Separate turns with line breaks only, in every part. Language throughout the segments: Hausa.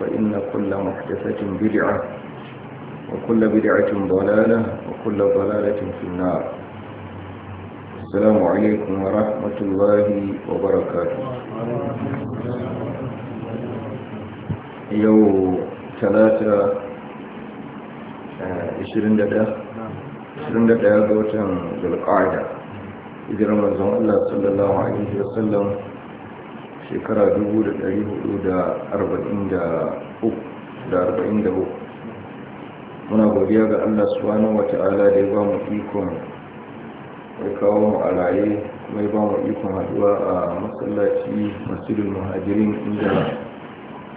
فإن كل محدثة بدعة وكل بدعة ضلالة وكل ضلالة في النار السلام عليكم ورحمة الله وبركاته يوم ثلاثة آه، عشرين دقيقة 21 ga بالقاعدة إذا رمضان الله صلى الله عليه وسلم shekara 443 muna godiya ga allah wata wata'ala da ya ba mu ikon ya kawo mu a raye kuma ya ba mu ikon haduwa a masallaci masudin muhajirin inda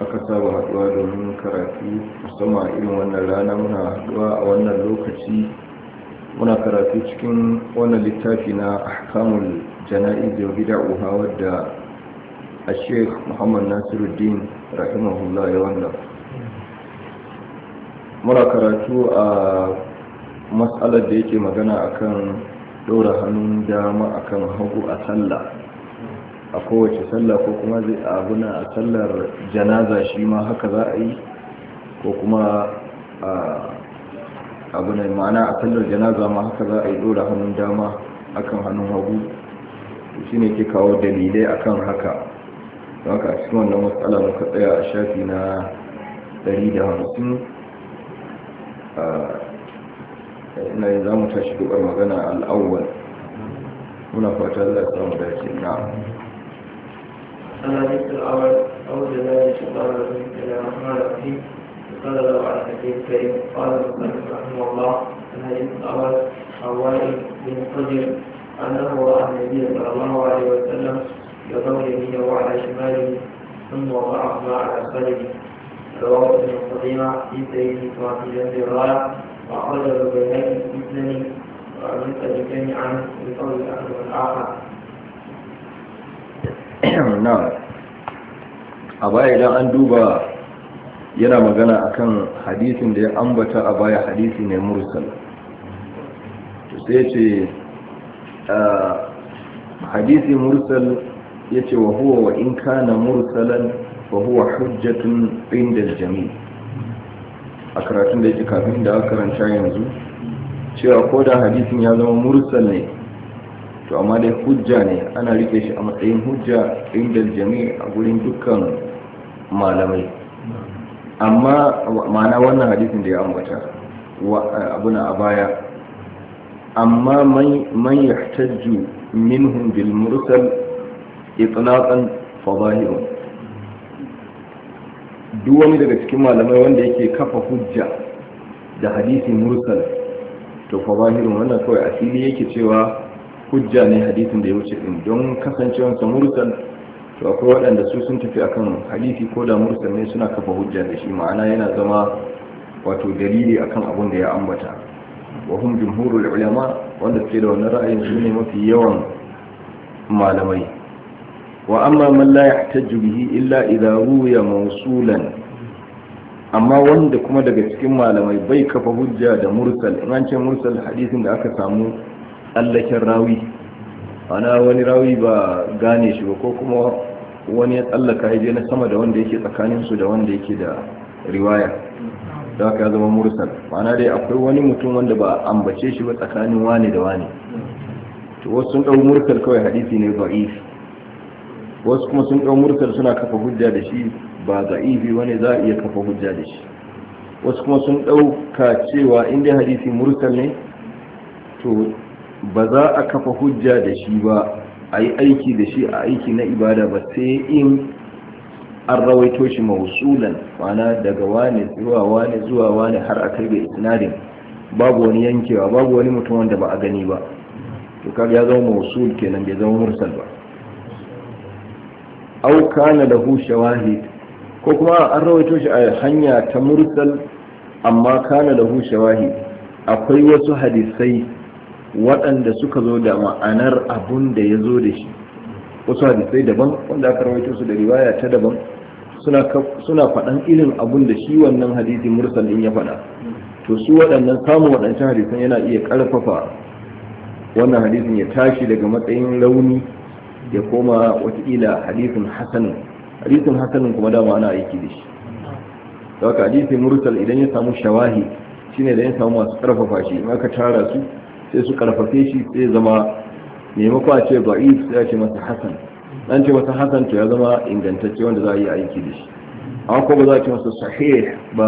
aka saba haduwa domin karatu musamman irin wannan rana muna haduwa a wannan lokaci muna karatu cikin wannan littafi na ahkamul jana'i da bid'a'uha wadda a sheik muhammad nasiruddin rahimahullah ya wannan mura karatu a matsalar da yake magana akan ɗora hannun dama akan hagu a sallah a kowace sallah ko kuma zai abuna a sallar janaza shi ma haka za a yi ko kuma abuna ma'ana a sallar janaza ma haka za a yi ɗora hannun dama akan hannun hagu shine ke kawo dalilai akan haka haka a cikin wannan matsala muka tsaya a shafi na 150 na yin za mu tashi dubar magana al'awwal muna fata za a samu dace na
الشيطان الرجيم قال له عن حديث كريم قال المؤلف رحمه الله الحديث الأول عوائل بن حجر أنه رأى النبي صلى الله عليه وسلم يضم يمينه شماله ثم وضعهما على رواه ابن في سيده وفي جنب وأخرجه البيهقي في سنن بقول والآخر
a baya idan an duba yana magana akan hadisin da ya ambata a baya hadisi ne mursal sai ce hadisi mursal yace wa huwa wa in kana mursalan fa huwa hujjatun inda al-jami' a karatun da yake kafin da karanta yanzu cewa ko da hadisin ya zama mursal ne to amma dai hujja ne ana rike shi a matsayin hujja inda al-jami' a gurin dukkan malamai amma ma'ana wannan hadisin da ya ambata abuna a baya amma man yahtaju minhum bil mursal itlaqan fadahirun duk wani daga cikin malamai wanda yake kafa hujja da hadisi mursal to fadahirun wannan kawai asili yake cewa hujja ne hadisin da ya wuce din don kasancewansa mursal to akwai waɗanda su sun tafi akan hadisi ko da mursal ne suna kafa hujja da shi ma'ana yana zama wato dalili akan abin da ya ambata wa hum jumhurul ulama wanda suke da wannan ra'ayin su ne mafi yawan malamai وأما من لا يحتج به إلا إذا روي موصولا amma wanda kuma daga cikin malamai bai kafa hujja da mursal in an ce mursal hadisin da aka samu tsallaken rawi ana wani rawi ba gane shi ba ko kuma wani ya tsallaka ya je na sama da wanda yake tsakanin su da wanda yake da riwaya da haka ya zama mursal ma'ana dai akwai wani mutum wanda ba ambace shi ba tsakanin wani da wani to wasu sun dau mursal kawai hadisi ne bai wasu kuma sun ɗau mursal suna kafa hujja da shi ba za'ifi wani za iya kafa hujja da shi wasu kuma sun ɗauka cewa inda hadisi mursal ne to ba za a kafa hujja da shi ba a yi aiki da shi a aiki na ibada ba sai in an rawaito shi mausulan mana daga wane zuwa wani zuwa wane har a kai ga isnadin babu wani yankewa babu wani mutum wanda ba a gani ba to kaga ya zama mausul kenan bai zama mursal ba au kana lahu shawahid ko kuma an rawaito shi a hanya ta mursal amma kana lahu shawahid akwai wasu hadisai waɗanda suka zo da ma'anar abun da ya zo da shi wasu hadisai daban wanda aka rawaito su da riwaya ta daban suna faɗan irin abun da shi wannan hadisi mursal din ya faɗa to su waɗannan samun waɗancan hadisan yana iya ƙarfafa wannan hadisin ya tashi daga matsayin launi. ya koma watakila hadithin hasanin hadithin hasanin kuma dama ana aiki da shi da haka hadithin mursal idan ya samu shawahi shine da ya samu masu karfafa shi in aka tara su sai su karfafe shi sai zama maimako a ce ba'if sai a ce masa hasan an ce masa hasan to ya zama ingantacce wanda za a yi aiki da shi amma ko ba za a ce masa sahih ba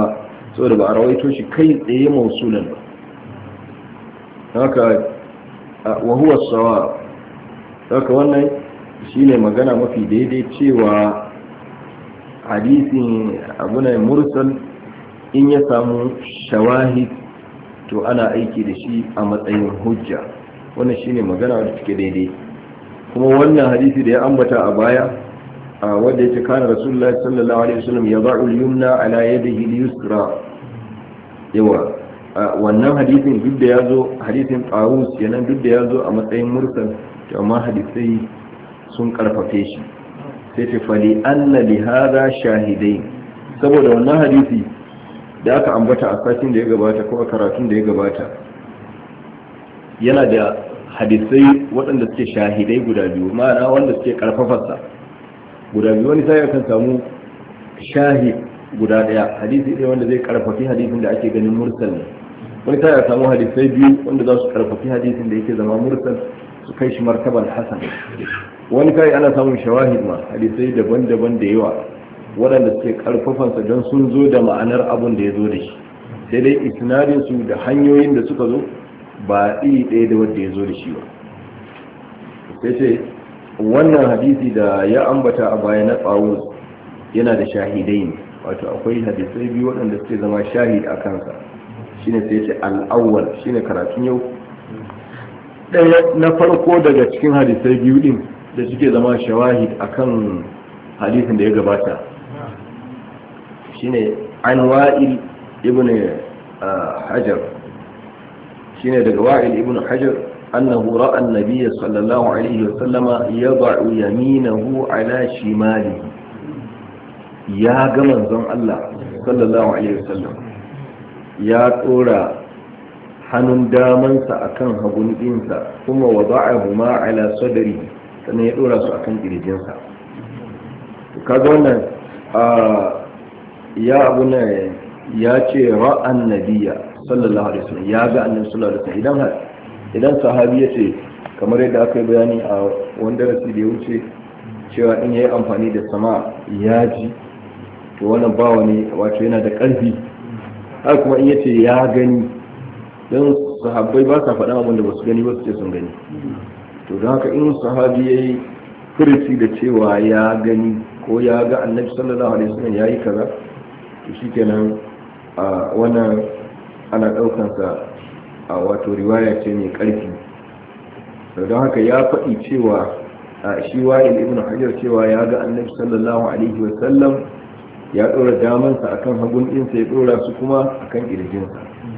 saboda ba a rawaito shi kai tsaye mausulan ba haka wa huwa sawa haka wannan shine magana mafi daidai cewa hadisin abunai mursal in ya samu shawahid to ana aiki da shi a matsayin hujja wannan shine magana wadda take daidai kuma wannan hadisi da ya ambata a baya wanda ya ce kana rasulullahi sallallahu alaihi wasallam ya ba yumna ala yadihi yusra yawa wannan hadisin duk da yazo hadisin Qawus kenan duk da yazo a matsayin mursal to amma hadisai sun karfafe shi sai ce fali anna li hada shahidai saboda wannan hadisi da aka ambata a satin da ya gabata ko a karatun da ya gabata yana da hadisai waɗanda suke shahidai guda biyu ma'ana wanda suke karfafarsa guda biyu wani sai kan samu shahid guda daya hadisi ɗaya wanda zai karfafi hadisin da ake ganin mursal ne wani sai ya samu hadisai biyu wanda za su karfafi hadisin da yake zama mursal su kai shi martaban hasan wani kai ana samun shawahid ma hadisai daban-daban da yawa waɗanda suke ƙarfafansa don sun zo da ma'anar abin da ya zo da shi sai dai isnadin su da hanyoyin da suka zo ba iri ɗaya da wanda ya zo da shi ba sai ce wannan hadisi da ya ambata a baya na tsawo yana da shahidai ne wato akwai hadisai biyu waɗanda suke zama shahid a kansa shine sai ce al'awwal shine karatun yau ɗaya na farko daga cikin hadisai biyu din da suke zama shawahid akan hadisin da ya gabata shine an wa'il ibn ah, hajar shine daga wa'il ibn hajar annahu ra'a an biya sallallahu alaihi wa sallama yad'u yaminahu ala mali ya ga manzon Allah sallallahu alaihi wa sallam ya tsora hannun damansa a kan hagun ɗinsa kuma a ma ala sadari sannan ya ɗora su akan kirjinsa to kaga wannan ya abu na ya ce ra'an nabiyya sallallahu alaihi wasallam ya ga annabi sallallahu alaihi wasallam idan sahabi ya ce kamar yadda aka yi bayani a wanda darasi da ya wuce cewa in ya yi amfani da sama ya ji to wannan bawa ne wato yana da ƙarfi har kuma in ya ce ya gani don sahabbai ba sa faɗa abinda da ba su gani ba su ce sun gani to don haka in sahabi ya yi firici da cewa ya gani ko ya ga annabi sallallahu alaihi wasallam ya yi kaza to shikenan a wannan ana ɗaukansa a wato riwaya ce mai ƙarfi don haka ya faɗi cewa a shi wa'il ibn hajar cewa ya ga annabi sallallahu alaihi wasallam ya ɗora damansa akan hagun ɗinsa ya ɗora su kuma kan ƙirjinsa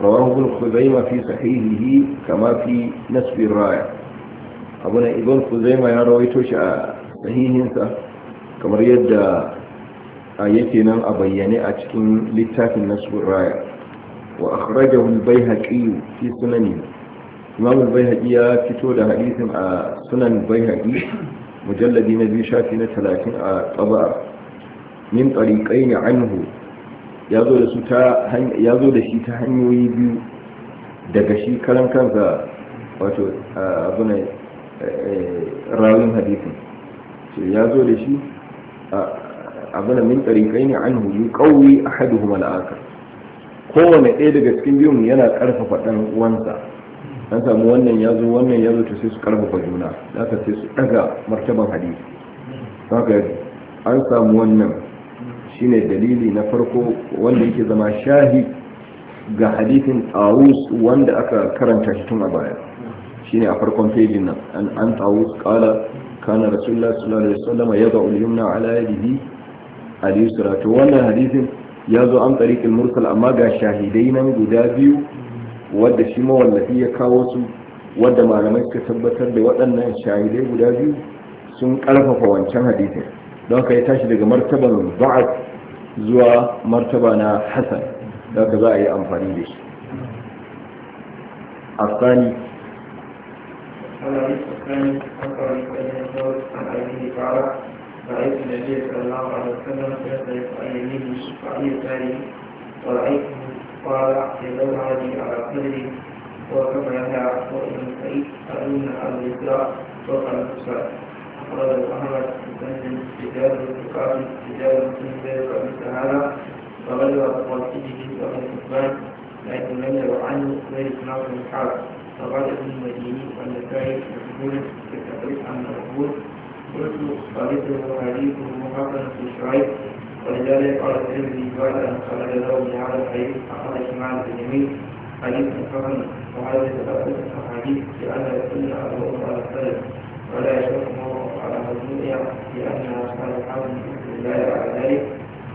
rawar gun kuzaima fi sahihihi kama fi nasfin raya abu na ibon kuzaima ya rawaito shi a sahihinsa kamar yadda a yake nan a bayyane a cikin littafin nasfin raya wa a kharaja wulbai fi sunani imam wulbai haƙi ya fito da hadisin a sunan bai haƙi mujalladi na biyu shafi na talatin a tsaba min ɗariƙai ne ya zo da shi ta hanyoyi biyu daga shi karan kansa wato abuna rawin hadithin so ya zo da shi abuna min tarikai ne an huyu kawai a haɗu kuma la'akar kowane ɗaya daga cikin biyun yana ƙarfafa ɗan wansa. an samu wannan ya zo wannan ya zo to sai su ƙarfafa juna za ka sai su ɗaga martaban hadisi an samu wannan shine dalili na farko wanda yake zama shahi ga hadithin awus wanda aka karanta shi tun a baya shine a farkon fejin nan an an awus kala kana rasulullah sallallahu alaihi wasallam yada'u al na ala yadihi al-yusra wannan hadithin ya zo an tariqil mursal amma ga shahidai nan guda biyu wanda shi ma mawallafi ya kawo su wanda malamai suka tabbatar da waɗannan shahidai guda biyu sun ƙarfafa wancan hadithin don ka yi tashi daga martaban ba'ad zuwa martaba na hasan da ka za a yi amfani da shi asani
رأيت النبي صلى الله عليه وسلم يصرف عن يمينه شفعية تاري ورأيته قال يدور هذه على قدري وكما يدعى وإن سعيد أرون الإسراء وقال الإسراء أخرج أحمد ذلك فقال ابن المديني والنسائي مشهور في التقريب عن مقبول قلت خالده حديثه حسن في الشعيب ولذلك قال الترمذي بعد ان خرج له بهذا الحديث اخرج مع الجميل حديث حسن وهذا يتبقى الاحاديث لان السنه الرؤوس على السلف ولا يشرفه الدنيا لأنها صالحة بإذن الله على ذلك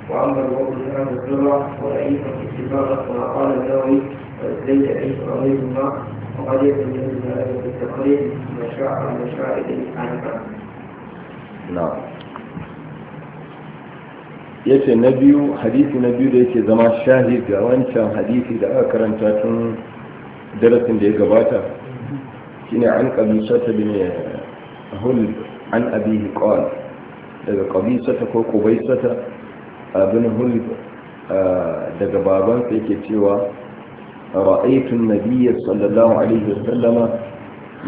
وأما الوقت فهو الذرة وضعيفة اتفاقا كما قال النووي وإزليت أي قضيهما وقد يكون من ذلك بالتقريب مشاع المشاعر عنها
نعم
yace na biyu hadisi na biyu da yake zama shahid ga wancan hadisi da aka karanta tun darasin da ya gabata shine an kabisa ta bin hul an abihi qala daga kabisata ko kubaisata abin hulb daga babansa yake cewa ra'aytu an-nabiyya sallallahu alaihi wasallama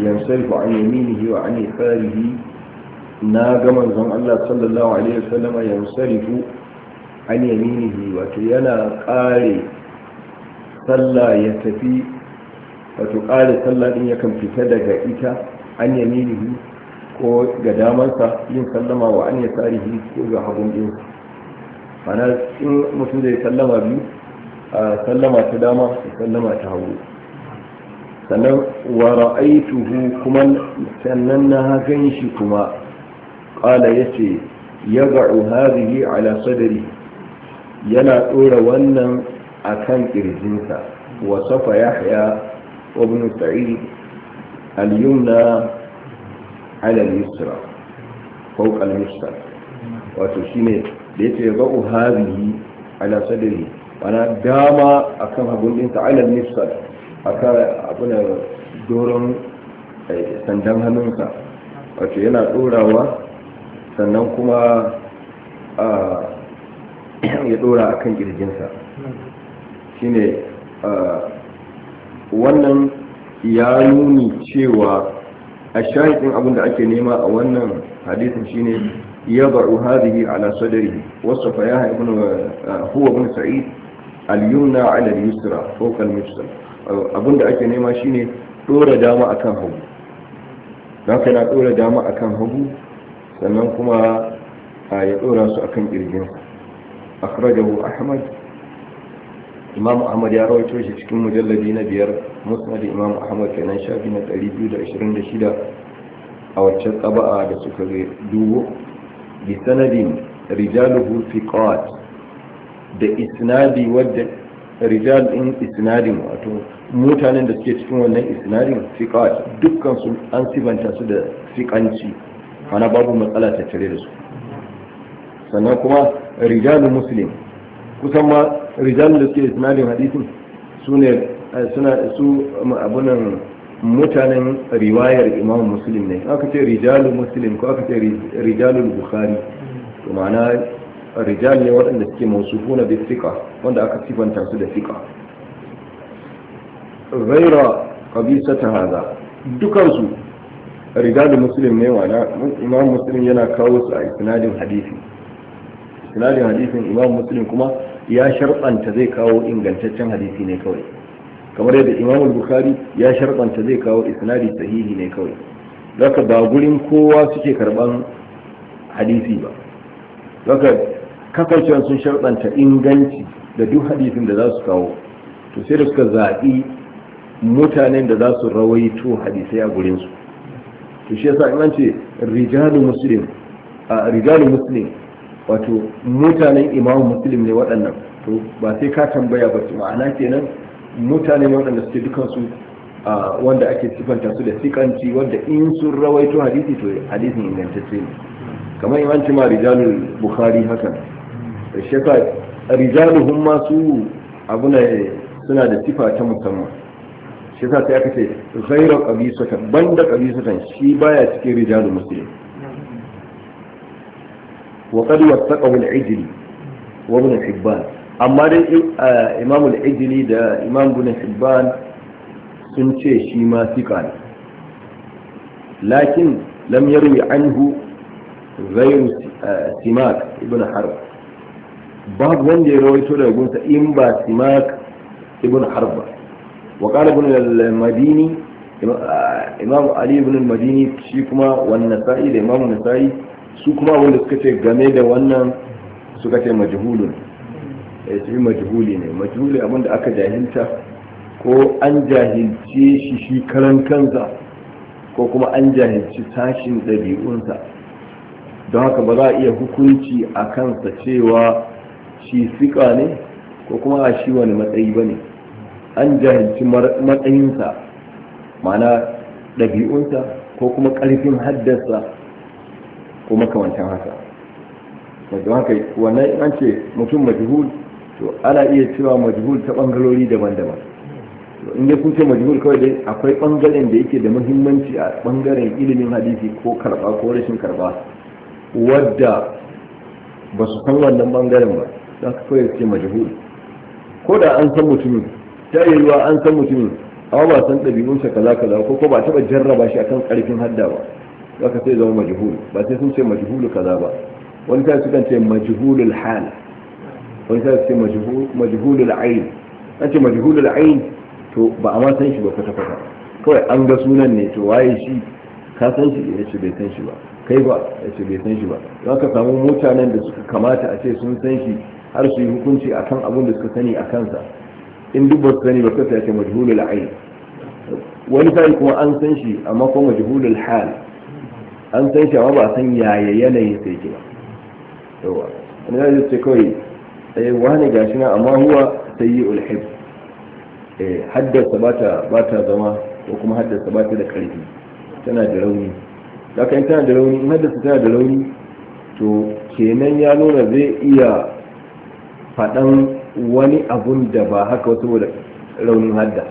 yansarifu an yaminihi wa an yasarihi na ga manzon Allah sallallahu alaihi wasallama yansarifu an yaminihi wato yana kare sallah ya tafi wato kare sallah din yakan fita daga ita an yaminihi ko ga damansa yin sallama wa an ya ko ga hagun ɗin mana in mutum zai sallama biyu a sallama ta dama da sallama ta hagu sannan wa ra'aituhu kuma sannan na gan shi kuma ƙala ya ce ya ba'u hazihi ala sadari yana ɗora wannan a kan ƙirjinsa wa safa yahya ibn sa'id al-yumna alal yusra fawqa yusra wato shine da yace yadau hadhihi ala sadri wana dama akan hagun din ta alal yusra akan abuna doron eh, sandan hannunsa wato yana dorawa sannan kuma ya dora akan kirjinsa shine wannan ya nuni cewa a shahidin abin da ake nema a wannan hadisin shine ya ba'u hadhihi ala sadri wasa fa ya ibn huwa ibn sa'id al-yumna ala al-yusra fawqa al abin da ake nema shine dora dama akan hagu don haka dora dama akan hagu sannan kuma ya dora su akan kirjinsa akhrajahu ahmad imamu ahmad ya rawaito shi cikin mujalladi na biyar musnad imamu ahmad kenan shafi na 226 a waccan tsaba'a da suka dubo bi sanadin rijaluhu thiqat da isnadi wadda rijal in isnadin wato mutanen da suke cikin wannan isnadin thiqat dukkan su an sibanta su da fiqanci kana babu matsala ta tare da su sannan kuma rijalu muslim kusan ma rijal da suke isnadin hadisin su ne eh, suna su abunan mutanen riwayar imam muslim ne aka ce rijalul muslim ko aka ce rijalul bukhari to ma'ana rijal ne waɗanda suke mausufuna bi thiqa wanda aka sifanta su da thiqa Zaira qabisata ta haza, dukansu rijalul muslim ne wa imam muslim yana kawo su a isnadin hadisi isnadin hadisin imam muslim kuma ya sharɓanta zai kawo ingantaccen hadisi ne kawai kamar yadda imam bukhari ya sharɓanta zai kawo isnadi sahihi ne kawai zaka ba gurin kowa suke karban hadisi ba zaka kasancewa sun sharɗanta inganci da duk hadisin da za su kawo to sai da suka zaɓi mutanen da za su rawaito hadisai a gurinsu to shi yasa in an ce rijalu muslim a rijalu muslim wato mutanen imamu muslim ne waɗannan to ba sai ka tambaya ba ma'ana kenan mutane waɗanda suke dukansu wanda ake sifanta su da sikanci wanda in sun rawaito hadisi to hadisin ingantacce ne kamar yawanci ma rijalul bukhari hakan shekar rijaluhum ma su abuna suna da sifa ta musamman shekwa sai aka ce ghayra ban da ƙabisatan shi baya cikin rijalul musulmi وقد وثقه العجل وابن حبان أما آه، إمام العجل دا إمام ابن حبان سنشي شيما ثقان لكن لم يروي عنه غير آه، سماك ابن حرب بعض من يروي سورة يقول إمبا سماك ابن حرب وقال ابن المديني آه، إمام علي بن المديني شيكما والنسائي الامام النسائي su kuma abin da suka ce game da wannan suka ce majhulun ya eh, ce majhuli ne majhuli abinda aka jahilta ko an jahilce shi shi karan kansa ko kuma an jahilci tashin ɗabi'unsa don haka ba za a iya hukunci a kansa cewa shi siƙa ne ko kuma a shi wani matsayi ba ne an jahilci matsayinsa mana ɗabi'unsa ko kuma ƙarfin haddasa ko makamantan haka wato haka wannan an ce mutum majihul to ana iya cewa majihul ta bangalori daban-daban in ya kuce majihul kawai dai akwai bangaren da yake da muhimmanci a bangaren ilimin hadisi ko karba ko rashin karba wadda ba su san wannan bangaren ba za ka kawai ce majihul ko da an san mutumin ta yi ruwa an san mutumin amma ba san ɗabi'unsa kaza kaza ko ko ba taɓa jarraba shi akan ƙarfin hadda ba zaka sai zama majhul ba sai sun ce majhulu kaza ba wani sai sukan ce al hal wani sai su ce majhulul ayn an ce majhulul ayn to ba a ma san shi ba kwata kwata kawai an ga sunan ne to waye shi ka san shi ya ce bai san shi ba kai ba ya ce bai san shi ba za ka samu mutanen da suka kamata a ce sun san shi har su yi hukunci akan abin da suka sani a kansa in duk ba su sani ba kasa ya ce majhulul ayn wani sai kuma an san shi amma kuma al hal an san shi amma ba a san yaya yanayin sai ke ba yawa wani zai ce kawai eh wani gashi na amma huwa sai yi eh haddasa bata ta zama ko kuma haddasa bata da karfi tana da rauni daga in tana da rauni in haddasa tana da rauni to kenan ya nuna zai iya faɗan wani abun da ba haka wasu da raunin hadda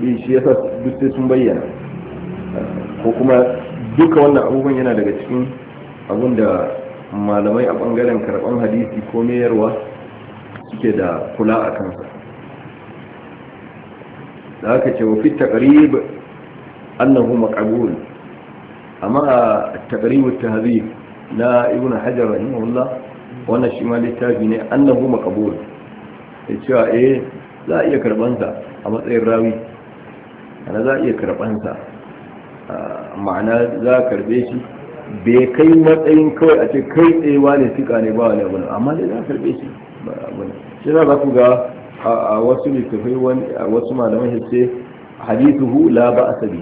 shi sa duk sai sun bayyana ko kuma duka wannan abubuwan yana daga cikin abun da malamai a bangaren karban hadisi ko mayarwa suke da kula a kansa da aka ce wa fi taqrib annahu maqbul amma a taqrib at-tahdhib na ibn hajar rahimahullah wannan shi ma littafi ne annahu maqbul ya cewa eh za a iya karbansa a matsayin rawi ana za a iya karbansa ma'ana za a karbe shi bai kai matsayin kawai a ce kai tsayewa ne fika ne ba wani abu amma dai za a karbe shi ba abu shi za ku ga a wasu littafai wasu malaman shi hadithuhu la ba a sabi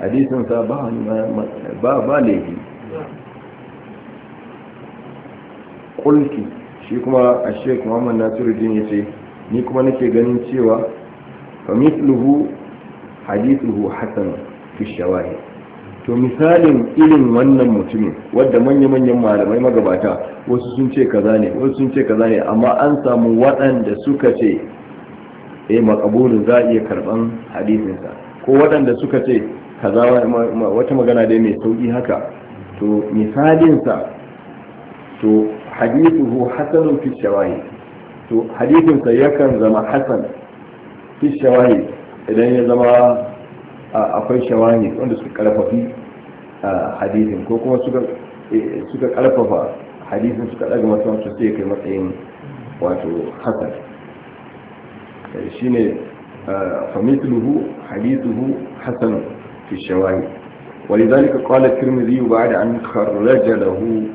hadisin sa ba ba ba laifi kulki shi kuma a shek muhammad nasiruddin ya ce ni kuma nake ganin cewa fa mithluhu hadithuhu hasan fi to misalin irin wannan mutumin wadda manya-manyan malamai magabata wasu sun ce kaza ne wasu sun ce kaza ne amma an samu waɗanda suka ce eh makabulin za a iya karɓan hadisinsa ko waɗanda suka ce kaza wata magana dai mai sauƙi haka to misalinsa to hadithu hasanun fi shawahi to hadisinsa yakan zama hasan fi shawahi idan ya zama akwai shawani wanda suka karfafi hadisin ko kuma e, suka karfafa hadisin suka daga matsawarsa sai kai matsayin wato hasar eh, shi ne famitluhu hadisuhu hasan fi shawani wani zalika kwallon tirmidhi ba da an karraja da hu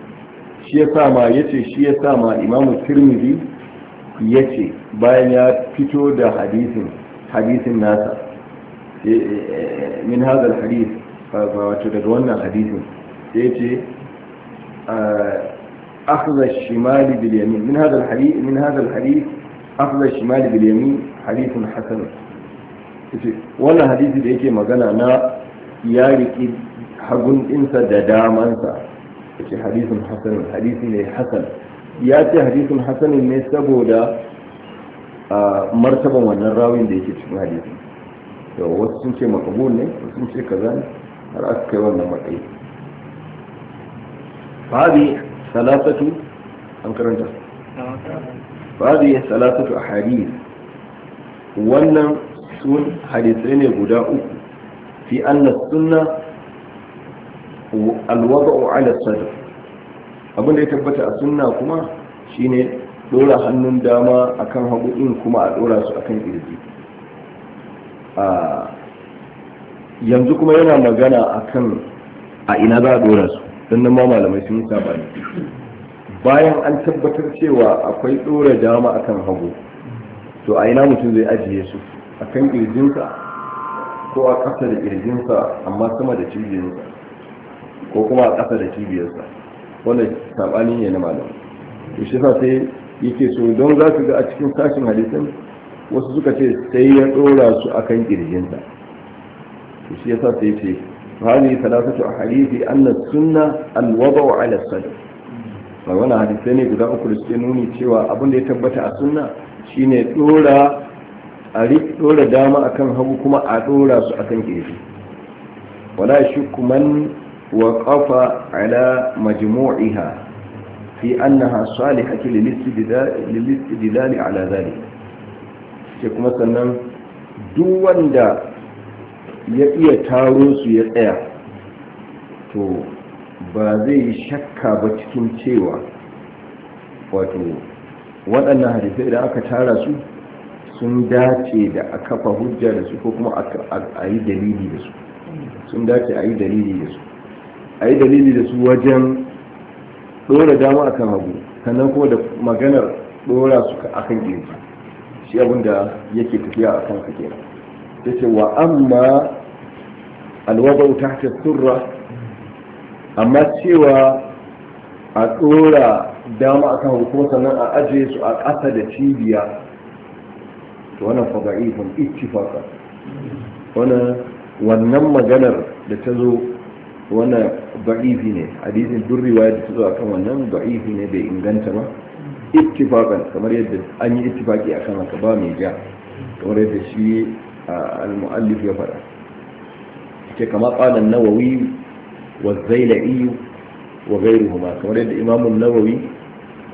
shi ya sama ya ce shi ya sama imamu tirmidhi ya ce bayan ya fito da hadisin nasa Eh, min hadal hadith wato daga wannan hadisin sai ce أخذ الشمال باليمين من هذا wannan hadisi da yake magana na ya riki hagun da damansa ya ce hasanin ne hasan ya ce hadisun hasanin ne saboda ah, martaban wannan rawin da yake cikin hadithin. Yau wasu sun ce makabul ne wasu sun ce kaza ne har aka kai wannan matsayi fadi salatatu an karanta fadi salatatu ahadith wannan sun hadisai ne guda uku fi annas, sunna alwada'u ala sadr abin da ya tabbata a sunna kuma shine dora hannun dama akan hagu in kuma a dora su akan kirji yanzu kuma yana magana akan a ina za a dora su don nan malamai sun saba ne bayan an tabbatar cewa akwai dora dama akan hagu to a ina mutum zai ajiye su a kan ƙirjinsa, ko a ƙasa da ƙirjinsa amma sama da cibiyarsa ko kuma a ƙasa da cibiyarsa wanda saɓani ne na malamai to shi sai yake so don za su ga a cikin sashen hadisin wasu suka ce sai ya dora su akan kirjinsa to shi yasa sai ce hali salatatu ahadithi anna sunna alwada'u ala sadr ba wannan hadisi ne guda uku da suke nuni cewa abin da ya tabbata a sunna shine dora a dora dama akan hagu kuma a dora su akan kirji wala shukku man waqafa ala majmu'iha fi annaha salihatu lil istidlal ala dhalik ke kuma sannan duk wanda ya iya taro su ya tsaya to ba zai yi shakka ba cikin cewa wato waɗannan hadisai idan aka tara su sun dace da a kafa hujja da su ko kuma a yi dalili da su sun dace a yi dalili da su a yi dalili da su wajen ɗora dama a kan hagu sannan kuma da maganar ɗora su a kan ƙirji shi abin da yake tafiya a kan kansa kenan ce wa amma ta ta surra amma cewa a tsora dama akan hukuma sannan a ajiye su a ƙasa da cibiya to wannan ikki faka wani wannan maganar da ta zo wannan ba'ifi ne hadisin durriwa da ta zo a kan wannan ba'ifi ne bai inganta ba ittifaqan kamar yadda an yi ittifaqi akan haka ba mai ja kamar yadda shi al-muallif ya fara ke kama qala an-nawawi wa az-zailai wa ghayruhuma kamar yadda imam an-nawawi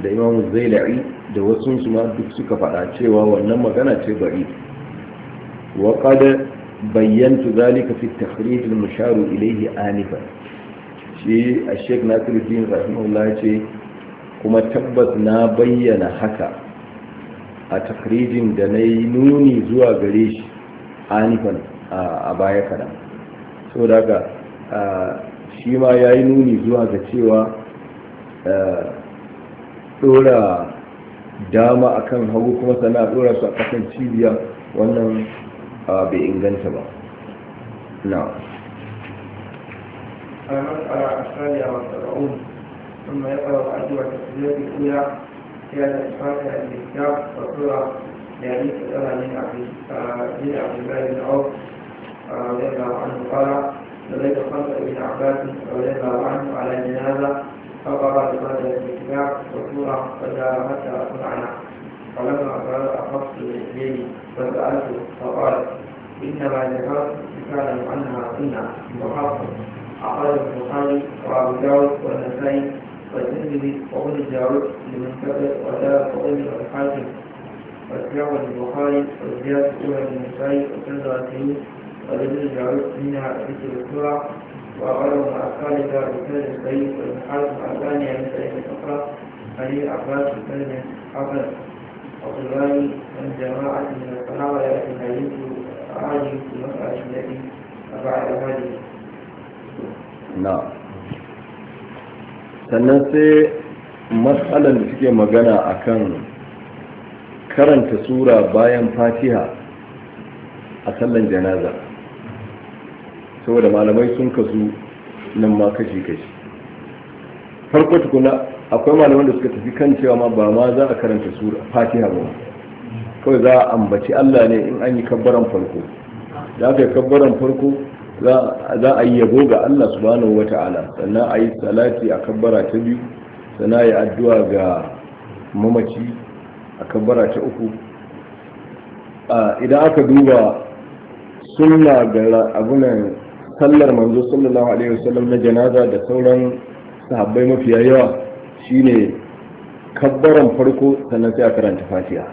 da imam az-zailai da wasu su ma duk suka fada cewa wannan magana ce bari wa qad bayyantu zalika fi at-takhrij al-mushar ilayhi anifan shi al-sheikh nasiruddin rahimahullah ce kuma tabbas na bayyana haka a takrijin da na yi nuni zuwa gare shi anifan a baya kaɗan so daga shi ma ya yi nuni zuwa ga cewa dora dama akan hagu kuma sana dora su a ƙasan cibiya wannan bai inganta ba na
a ثم يقرأ أرجع التسجيلات الأولى كان إسحاق الكتاب وسورة لأبي سلمة آه، بن عبد الله بن عوف آه، رضي الله عنه قال لبيت خلف ابن عباس رضي الله عنه على جنازة فقرأ بقدر الكتاب وسورة فدار متى أصنعنا فلما أقرأ أخذت بإسلامي فسألته فقال إنما ذكرت كان عنها سنة وحق أخرجه البخاري وأبو داود والنسائي فالترمذي وابن الجارود لمن كتب ولا فضل الحاكم واتبعه للبخاري وزياد الاولى للنسائي وسند الترمذي ولابن الجارود منها أبيت الاسرع وأغلب مع خالد بسند الصحيح والحاكم الالباني عن سعيد الاخرى عن العباس بسند حسن وطلاني عن جماعه من الصحابه لكن حديث عاجل في المساله التي أبعدها هذه
نعم sannan sai matsalar da suke magana akan karanta sura bayan fatiha a sallan janaza saboda malamai sun kasu nan ma kashi-kashi farko tukuna akwai malaman da suka tafi kan cewa ma ba ma za a karanta sura fatiha ba kawai za a ambaci allah ne in an yi kabbaran farko da aka yi kabbaran farko za a yi yabo ga Allah subhanahu wa ta'ala, sannan a yi salati a kabbara ta biyu sannan a yi addu'a ga mamaci a kabbara ta uku idan aka duba suna ga abunan sallar manzo sallallahu alaihi wasallam na janaza da sauran sahabbai mafiya yawa shine kabbaran farko sannan sai a karanta fatiha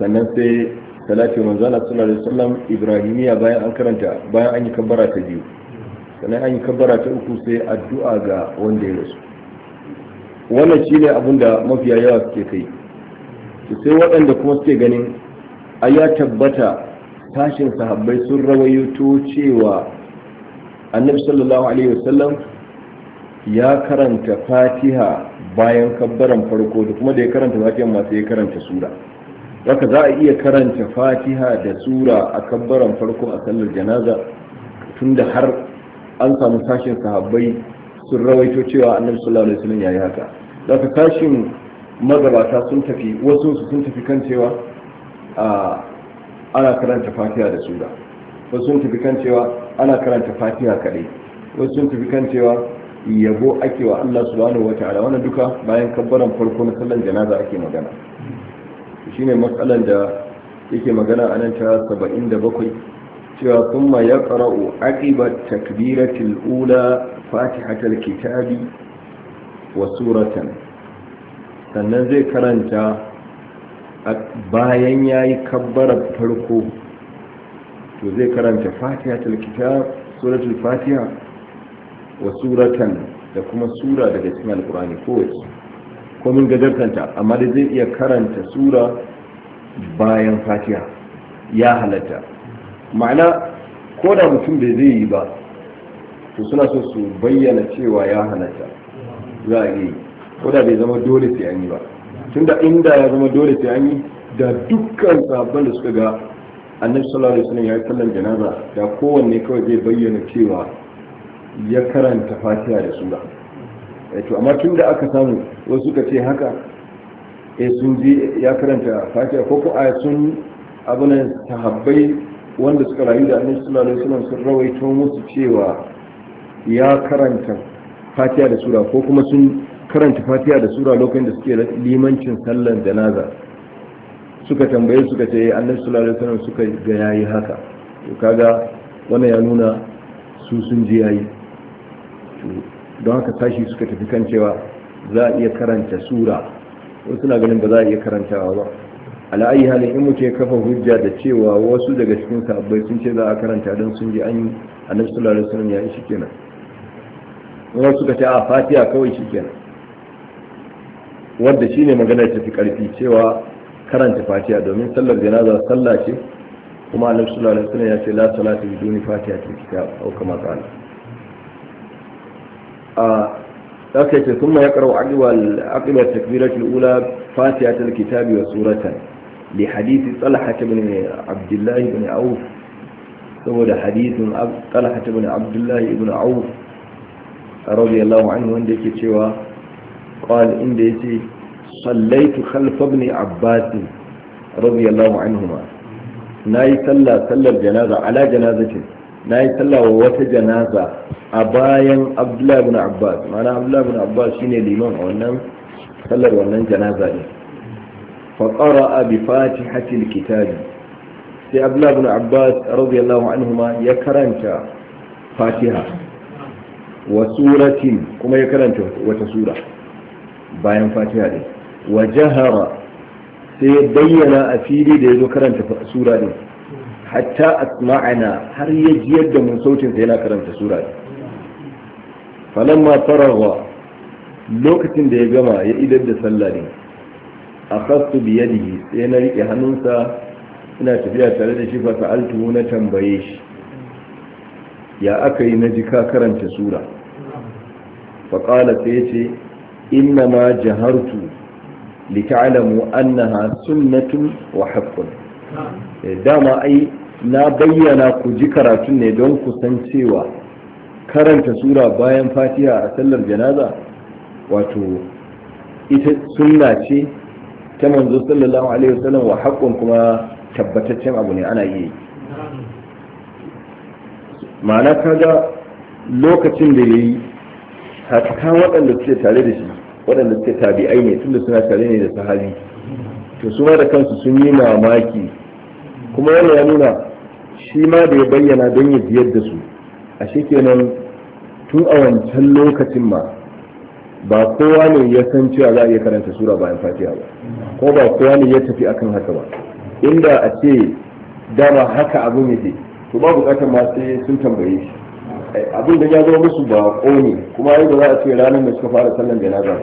sannan sai salati manzala da da sallam ibrahimiya bayan an karanta bayan an yi kabbara ta biyu sannan an yi kabbara ta uku sai addu'a ga wanda ya rasu wannan shine abin da mafiya yawa suke kai Su sai waɗanda kuma suke ganin a ya tabbata tashin sahabbai sun rawaito cewa annabi sallallahu alaihi wasallam ya karanta fatiha bayan kabbaran farko da kuma da ya karanta fatiha masu ya karanta sura haka za a iya karanta fatiha da sura a kabbaran farko a sallar janaza tunda har an samu sashen sahabbai sun rawaito cewa annabi sallallahu alaihi wasallam yayi haka zaka tashin magabata sun tafi wasu su sun tafi kan cewa ana karanta fatiha da sura wasu sun tafi kan cewa ana karanta fatiha kadai wasu sun tafi kan cewa yabo ake wa Allah subhanahu wataala wannan duka bayan kabbaran farko na sallar janaza ake magana ne matsalan da yake magana a nan ta 77 cewa thumma yaqra'u aqiba takbiratil ula fatihatal kitabi wa suratan sannan zai karanta bayan yayi kabbara farko to zai karanta fatihatul kitab suratul fatiha wa suratan da kuma sura daga cikin alqur'ani kowace komin gajartanta amma dai zai iya karanta sura bayan fatiha ya halatta ma'ana ko da mutum bai zai yi ba to suna so su bayyana cewa ya halatta za a yi ko da bai zama dole sai an yi ba tunda inda ya zama dole sai an yi da dukkan sabon da suka ga annabi sallallahu alaihi wasallam ya yi janaza da kowanne kawai zai bayyana cewa ya karanta fatiha da sura Eh, to amma tun da aka samu wasu suka ce haka e sun ji ya karanta fatiha ko ko a sun abunan sahabbai wanda suka rayu da annabi sallallahu alaihi wasallam sun rawaito musu cewa ya karanta fatiha da sura ko kuma sun karanta fatiha da sura lokacin da suke limancin sallar janaza suka tambaye suka ce eh, annabi sallallahu alaihi wasallam suka ga yayi haka to kaga wannan ya nuna su sun ji yayi don haka sashi suka tafi kan cewa za a iya karanta sura wasu na ganin ba za a iya karantawa ba ala'ayi halin in muke kafa hujja da cewa wasu daga cikin sabbai sun ce za a karanta don sun ji an yi annabi sallallahu alaihi wasallam ya yi shikenan wasu suka ce a fatiha kawai shikenan wanda shine magana ta fi karfi cewa karanta fatiha domin sallar janaza sallah ce kuma annabi sallallahu alaihi wasallam ya ce la salatu biduni fatiha ta kitab au kama qala a ke sun ma ya karo akibar takbirar ula fatiha ta kitabi wa suratan li hadithi tsalaha ta bane abdullahi bane auf saboda hadithin tsalaha ta bane abdullahi ibn auf a rabiyallahu anhu wanda yake cewa kwal inda ya ce sallaitu khalfabni abbasin rabiyallahu anhu ma na yi tsalla tsallar janaza ala janazatin na yi tsalla wa wata janaza a bayan abdullahi bin abbas ma'ana abdullahi bin abbas shine liman a wannan sallar wannan janaza ne fa qara'a bi fatihatil kitabi sai abdullahi bin abbas radiyallahu anhuma ya karanta fatiha wa suratin kuma ya karanta wata sura bayan fatiha din wa jahara sai ya bayyana a fili da ya zo karanta sura ne hatta asma'ana har ya ji yadda mun sautin sa yana karanta sura ne. ma faragha lokacin da ya gama ya idar da sallah a akhastu bi yadihi sai na rike hannunsa ina tafiya tare da shi fa na tambaye shi ya aka yi na ji ka karanta sura fa sai yace inna ma jahartu لتعلموا أنها tun وحق dama ai na bayyana ku ji karatun ne don ku san cewa karanta sura bayan fatiha a sallar janaza wato ita sunna ce ta manzo sallallahu alaihi wasallam wa haƙƙun kuma tabbataccen abu ne ana yi ma'ana kaga lokacin da yayi hatta waɗanda suke tare da shi waɗanda suke tabi'ai ne tunda suna tare ne da sahabi to su ma da kansu sun yi mamaki kuma yana ya nuna shi ma da ya bayyana don ya biyar da su a shekenan tun a wancan lokacin ma ba kowa ne ya san cewa za a iya karanta sura bayan fatiha ba ko ba kowa ne ya tafi akan haka ba inda a ce dama haka abin yake to ba bukatar ma sai sun tambaye shi abin da ya zama musu ba ne kuma yadda za a ce ranar da suka fara sallan janaza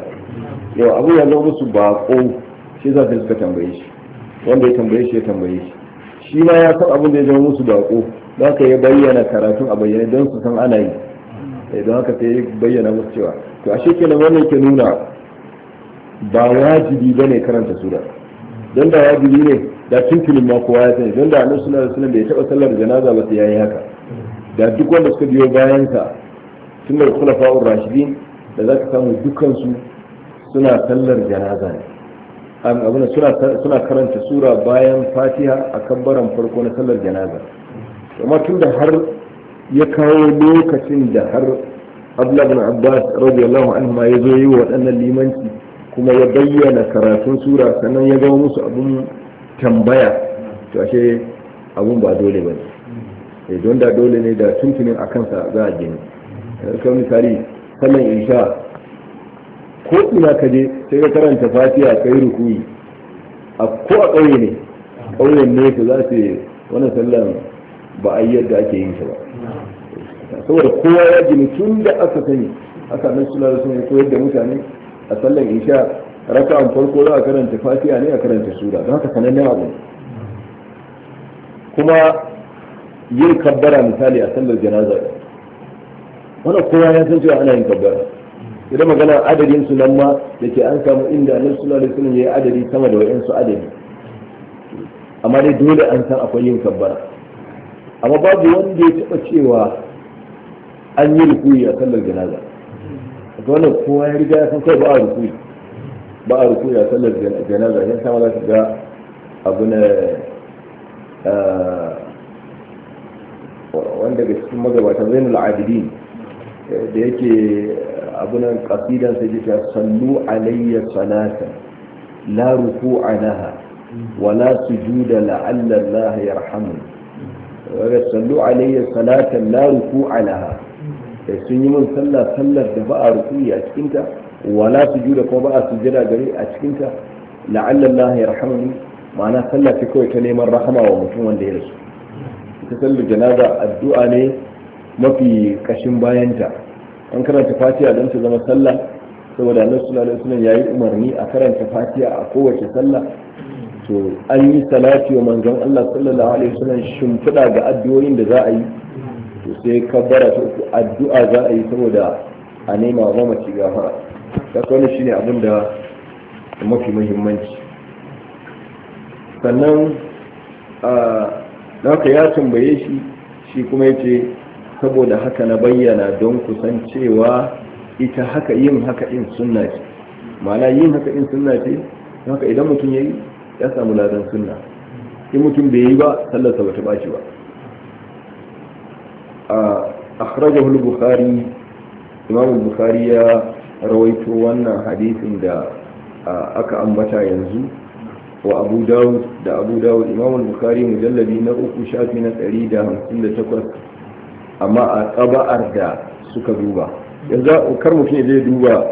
yau abin ya zama musu ba ko shi za su suka tambaye shi wanda ya tambaye shi ya tambaye shi shi ma ya san abin da ya zama musu bako don ka yi bayyana karatun a bayyane don su san ana yi eh, don haka sai ya bayyana musu cewa to ashe na wannan ke nuna ba wajibi ba ne karanta sura don da wajibi ne da tuntunin ma kowa ya sani don da annabi sallallahu alaihi wasallam bai taɓa sallar janaza ba sai yayi haka da duk wanda suka biyo bayan sa tun da khulafa'ur rashidin da zaka samu dukkan su suna sallar janaza ne abin suna karanta sura bayan fatiha a kabbaran farko na sallar janaza amma tun da har ya kawo lokacin da har abdullahi abbas radiyallahu anhu ma ya zo yi waɗannan limanci kuma ya bayyana karatun sura sannan ya gawo musu abin tambaya to ashe abun ba dole ba ne eh, don da dole ne da tuntunin a kansa za a gini misali sallan ko ina ka je sai ka karanta fatiha kai rukuyi a ko a ƙauye ne ƙauyen ne ka za su wani sallan ba a yadda ake yin shi ba saboda kowa ya gini tun da aka sani aka nan suna da suna koyar da mutane a sallan isha an farko za a karanta fatiha ne a karanta sura don haka sanannen abu kuma yin kabbara misali a sallar janaza wani kowa ya san cewa ana yin kabbara idan magana adadin su nan ma da ke an samu inda na suna da wasallam yayi adadi sama da wayansu adadi amma dai dole an san akwai yin kabbara amma babu wanda ya taba cewa an yi rukuyi a sallar janaza ga wannan kowa ya riga ya san kai ba a rukuyi ba a rukuyi a sallar janaza yan sama za su ga abu na eh, eh, wanda ga cikin magabatan zainul abidin da yake abunan kasidan sai ji ta sallu alayya salata la ruku'a laha wala sujuda la'alla Allah yarhamu wa sallu alayya salata la ruku'a laha sun yi min sallah sallar da ba a ruku'i a cikin ta wala sujuda kuma ba a sujada gare a cikin ta la'alla Allah yarhamu ma'ana sallah ce kawai ta neman rahama wa mutum wanda ya rasu ita sallar janaza addu'a ne mafi kashin bayanta an karanta fatiha don su zama sallah saboda annabi sallallahu alaihi wasallam yayi umarni a karanta fatiha a kowace sallah to an yi salati wa manzon Allah sallallahu alaihi wasallam shimfiɗa ga addu'o'in da za a yi to sai kabbara to addu'a za a yi saboda a nema wa mamaci gafara ta wani shine abin da mafi muhimmanci sannan ah, da ya tambaye shi shi kuma yace ce saboda haka na bayyana don kusan cewa ita haka yin haka in sunna ce ma'ana yin haka in sunna ce haka idan mutum ya yi ya samu ladan sunna in mutum bai yi ba sallarsa ba ta baci ba a akhrajahu al-bukhari imam al-bukhari ya rawaito wannan hadisin da aka ambata yanzu wa abu dawud da abu dawud imam al-bukhari mujalladi na uku shafi na 158 amma a ƙaba'ar da suka duba yanzu kar mutum zai duba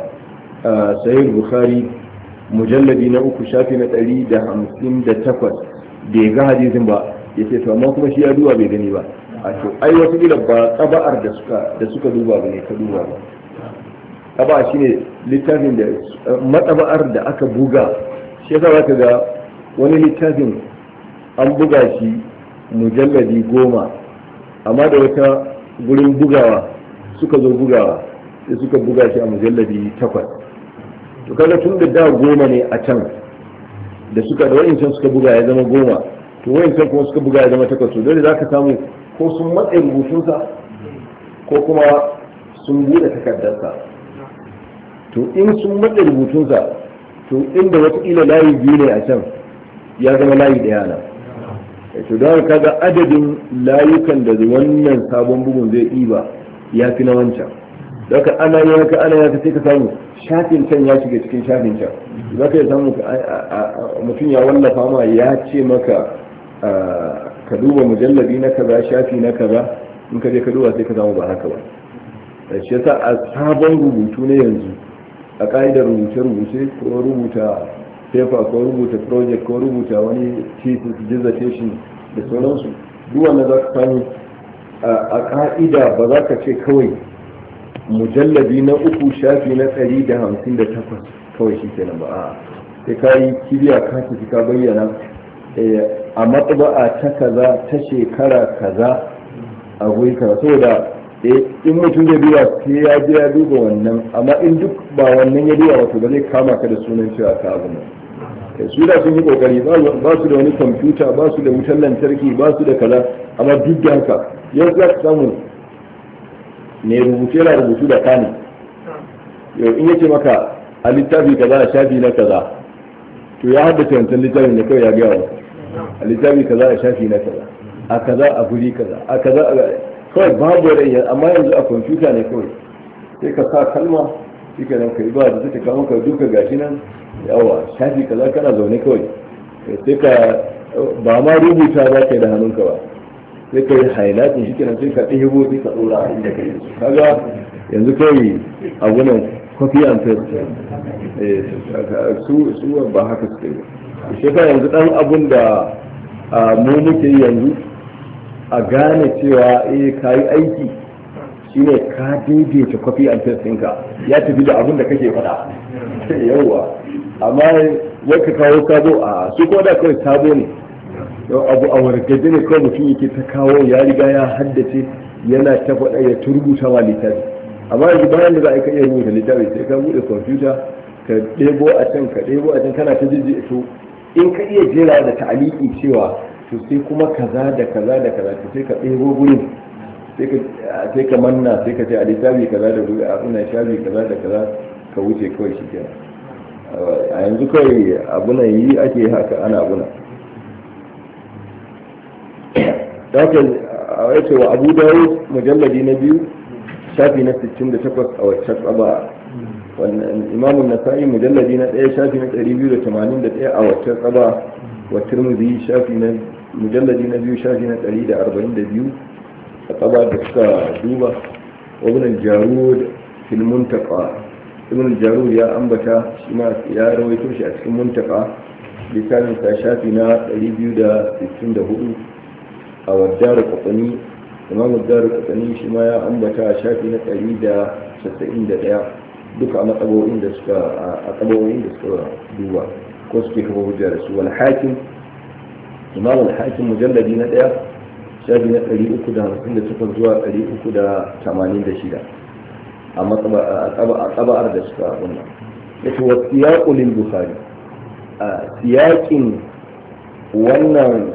sahih bukhari mujalladi na uku shafi na ɗari da hamsin da takwas da ya ga hadisin ba ya ce amma kuma shi ya duba bai gani ba a to ai wasu kila ba ƙaba'ar da suka da suka duba ba ne ka duba ba shi shine littafin da matsaba'ar da aka buga shi yasa zaka ga wani littafin an buga shi mujalladi goma amma da wata gurin bugawa suka zo bugawa sai suka buga shi a mujallabi takwas to kaga tun da da goma ne a can da suka da wa'incan suka buga ya zama goma to wa'incan kuma suka buga ya zama takwas to dole za ka samu ko sun matsa rubutunsa ko kuma sun buɗe takardarsa to in sun matsa rubutunsa to inda wata layi biyu ne a can ya zama layi ɗaya na to don kaga adadin layukan da wannan sabon bugun zai ɗiba ya fi na wancan daga ana yi ana yi sai ka samu shafin can ya shiga cikin shafin can za ka samu mutum ya wallafa ma ya ce maka ka duba mujallabi na kaza shafi na kaza in ka je ka duba sai ka samu ba haka ba shi yasa a sabon rubutu ne yanzu a ka'idar rubuce-rubuce ko rubuta paper ko rubuta project ko rubuta wani thesis dissertation da sauransu duk wanda za ka sani a ka'ida ba za ka ce kawai mujalladi na uku shafi na ɗari da hamsin da takwas kawai shi kenan ba a sai ka yi kiriya ka tafi ka bayyana eh, a matsaba'a ta kaza ta shekara kaza a wuri kaza saboda eh, in mutum zai duba sai ya je ya duba wannan amma in duk ba wannan ya duba wato ba zai kama ka da sunan cewa ka abu ne su da sun yi kokari ba su da wani kwamfuta ba su da wutar lantarki ba su da kaza amma duk da haka yau za su samu ne rubutu yana rubutu da kani yau in yace maka a littafi kaza a shafi na kaza to ya haddace wancan littafin da kawai ya gaya wa a littafi kaza a shafi na kaza a kaza a guri kaza a kaza a kawai babu rai amma yanzu a kwamfuta ne kawai sai ka sa kalma shi ka ka yi ba da zai kama ka duka gashi nan yawa shafi kaza kana zaune kawai sai ka ba ma rubuta ba kai da hannunka ba sai ka yi highlighting shi kenan sai ka ɗihibo sai ka ɗora a inda ka yi kaga yanzu kawai a gunan kofi an fes. su su ba haka suke ba shi ka yanzu ɗan abun da mu muke yanzu a gane cewa eh ka yi aiki shine ka daidaita kwafi a paste ɗinka ya tafi da abin da kake faɗa yawwa amma wai ka kawo sabo a su kuma da kawai sabo ne abu a wargaje ne kawai mutum yake ta kawo ya riga ya haddace yana ta faɗa ya turbuta ma littafi amma yanzu bayan da za a ka iya rubuta littafi sai ka buɗe kwamfuta ka ɗebo a can ka ɗebo a can kana ta jijji to in ka iya jera da ta'aliki cewa to sai kuma kaza da kaza da kaza to sai ka ɗebo gurin sai ka manna sai ka ce a lissafi kaza da gudu a suna shafi kaza da kaza ka wuce kawai shi ke a yanzu kawai abunan yi ake haka ana abunan daga a yace wa abu dawo mujalladi na biyu shafi na 68 a wacce tsaba wannan imamun nasa'i mujalladi na ɗaya shafi na 281 a wacce tsaba wa tirmidhi shafi na mujalladi na biyu shafi na 142 a tsaba da suka duba wabinan jarud fil muntaka ibn jarud ya ambata shi ma ya rawaito shi a cikin muntaka littafin sa shafi na 264 a waddar kwatsani imam waddar kwatsani shi ma ya ambata a shafi na 191 duka a matsabo'in da suka a tsabo'in da suka duba ko suke kafa hujja da su wani hakim imam al hakim mujalladi na daya shafi na 358 zuwa 386 a tsabar da suka abunna ya ce wa siyaƙulin buhari a siyaƙin wannan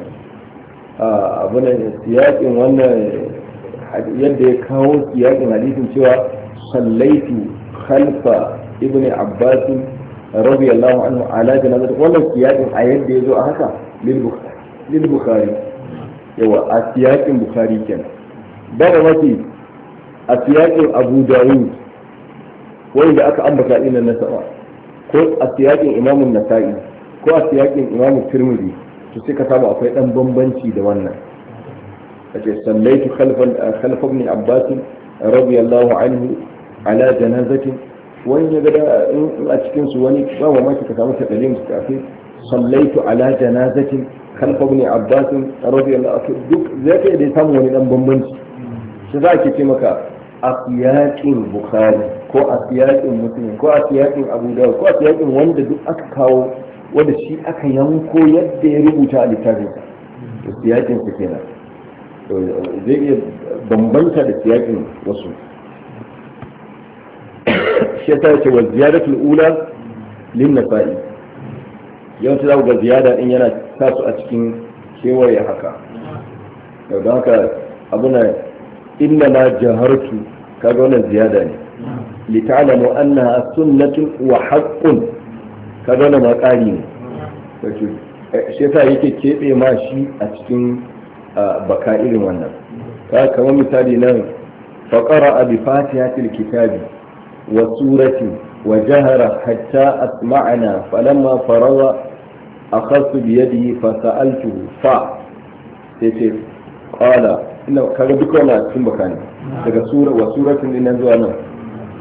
abunan siyaƙin wannan yadda ya kawo siyaƙin hadisin cewa sallaitu khalfa ibn abbasin radiyallahu anhu ala janazati wannan siyaƙin a yadda ya zo a haka lil bukhari yawa a siyakin bukhari kenan ba da a siyakin abu dawud wanda aka ambata ina na sama ko a siyakin imamun nasa'i ko a siyakin imamun tirmidhi to sai ka samu akwai dan bambanci da wannan kace sallaitu khalfan eh, khalfa ibn abbas radiyallahu anhu ala janazatin wani ya ga a cikin su wani ba mamaki ka samu ta dalilin su kafi sallaitu ala janazatin خلف ابن عباس رضي الله عنه duk zai da dai samu wani dan bambanci shi za ki ce maka asiyakin bukhari ko asiyakin muslim ko asiyakin abu dawud ko asiyakin wanda duk aka kawo wanda shi aka yanko yadda ya rubuta a littafin sa asiyakin su kenan zai iya bambanta da siyakin wasu shi ta ce wa ziyaratul ula lin nasa'i yawanci za ku ga ziyada din yana sa su a cikin kewaye haka yau haka abuna inna na jahartu kaga wannan ziyada ne litalamu annaha sunnatun wa haqqun kaga wannan ma ƙari ne eh, shi yasa yake keɓe ma shi a cikin baka irin wannan ka kamar misali nan faqara bi fatihatil kitabi wa surati wa jahara hatta asma'ana falamma farawa akhadtu bi yadihi fa sa'altuhu fa sai ce qala ina kaga duka wannan cikin bakani daga sura wa suratin nan zuwa nan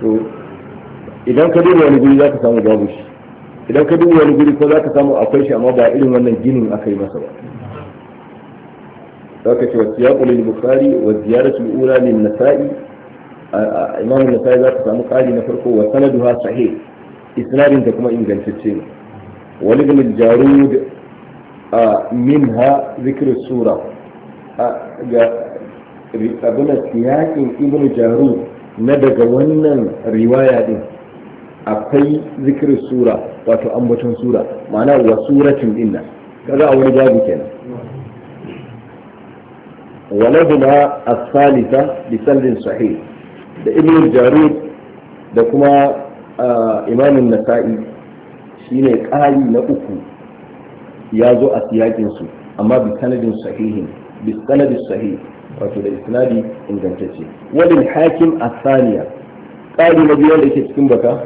to idan ka duba wani guri za ka samu babu shi idan ka duba wani guri ko za ka samu akwai shi amma ba irin wannan ginin aka yi masa ba zaka ce wa siyaqu lil bukhari wa ziyaratu al ula lin nasa'i imam an-nasa'i za zaka samu qali na farko wa sanaduha sahih isnadin ta kuma ingantacce ne ولابن الجارود منها ذكر السورة abin siyakin ibn jaru na daga wannan riwaya din akwai zikir sura wato ambaton sura ma'ana wa suratin din nan kaga a wani babu kenan walahuma as-salisa bi sallin sahih da ibn jarud da kuma imamin shine ƙari na uku ya zo a siyakinsu amma bi sanadin sahihin bi sanadin sahih wato da isnadi ingantacce walin hakim asaniya ƙari na biyu da ke cikin baka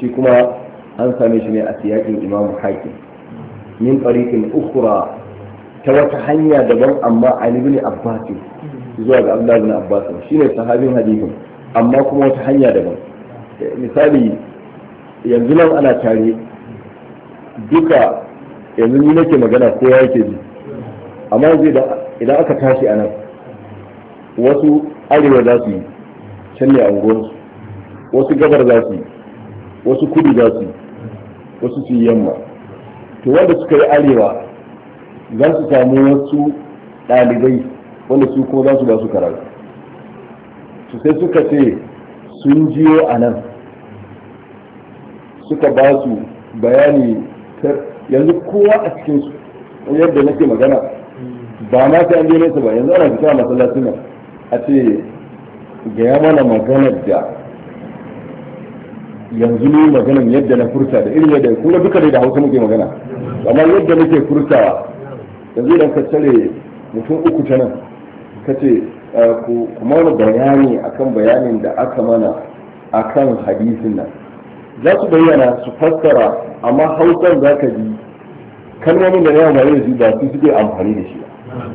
shi kuma an same shi ne a siyakin imamu hakim min tariqin ukhra ta wata hanya daban amma ali ibn abbas zuwa ga abdullah ibn abbas shine sahabin hadithin amma kuma wata hanya daban misali yanzu nan ana tare duka yanzu ni nake magana ko ya yake ji amma yanzu idan aka tashi a nan wasu arewa za su yi can ne a unguwarsu wasu gabar za su yi wasu kudu za su yi wasu su yi yamma to wanda suka yi arewa za su samu wasu ɗalibai wanda su ko za su ba su karatu sai suka ce sun jiyo a nan suka ba su bayani yanzu kowa a cikin su yadda nake magana ba ma sai an je nesa ba yanzu ana fita a nan a ce ya mana magana da yanzu ne magana yadda na furta da irin yadda kuma duka ne da hausa muke magana amma yadda nake furta yanzu idan ka tare mutum uku ta nan ka ce ah, ku mana bayani akan bayanin da aka mana akan hadisin nan za su bayyana su fassara amma hausar za ka ji kalmomin da yawa bare su ba su suke amfani da shi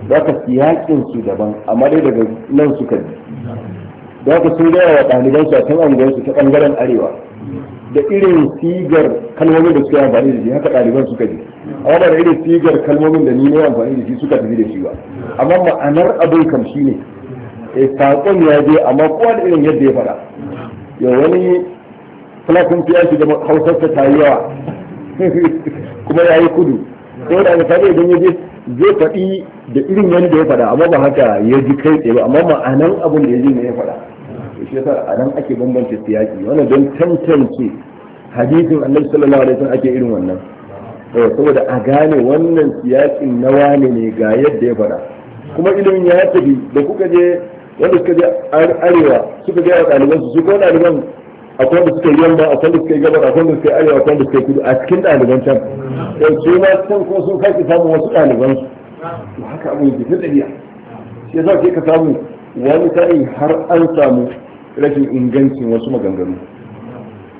za ka siyakin su daban amma dai daga nan suka ji za ka sun gaya wa ɗaliban su a kan anguwar su ta ɓangaren arewa da irin sigar kalmomin da suke amfani da shi haka ɗaliban suka ji amma ba da irin sigar kalmomin da ni ne amfani da shi suka tafi da shi ba amma ma'anar abin kam shi ne eh, saƙon ya je amma kowa da irin yadda ya faɗa yau wani fulatin ya da hausar ta yi yawa kuma ya yi kudu ko da misali idan ya je zai faɗi da irin wani da ya faɗa amma ba haka ya ji kai tsaye ba amma ma'anan abin da ya ji ne ya faɗa shi yasa a nan ake bambance siyaki wannan don tantance hadisin annabi sallallahu alaihi wasallam ake irin wannan eh, saboda a gane wannan siyakin na wane ne ga yadda ya faɗa kuma ilimin ya tafi da kuka je wanda suka je arewa suka ga ɗaliban su su ko ɗaliban akwai da suka yi yamma akwai da suka yi gabar akwai da suka yi arewa akwai da suka yi kudu a cikin ɗaliban can sai su ma can ko sun kai samu wasu ɗaliban su to haka abu yake ta ɗabi'a shi yasa sai ka samu wani sai har an samu rashin ingancin wasu maganganu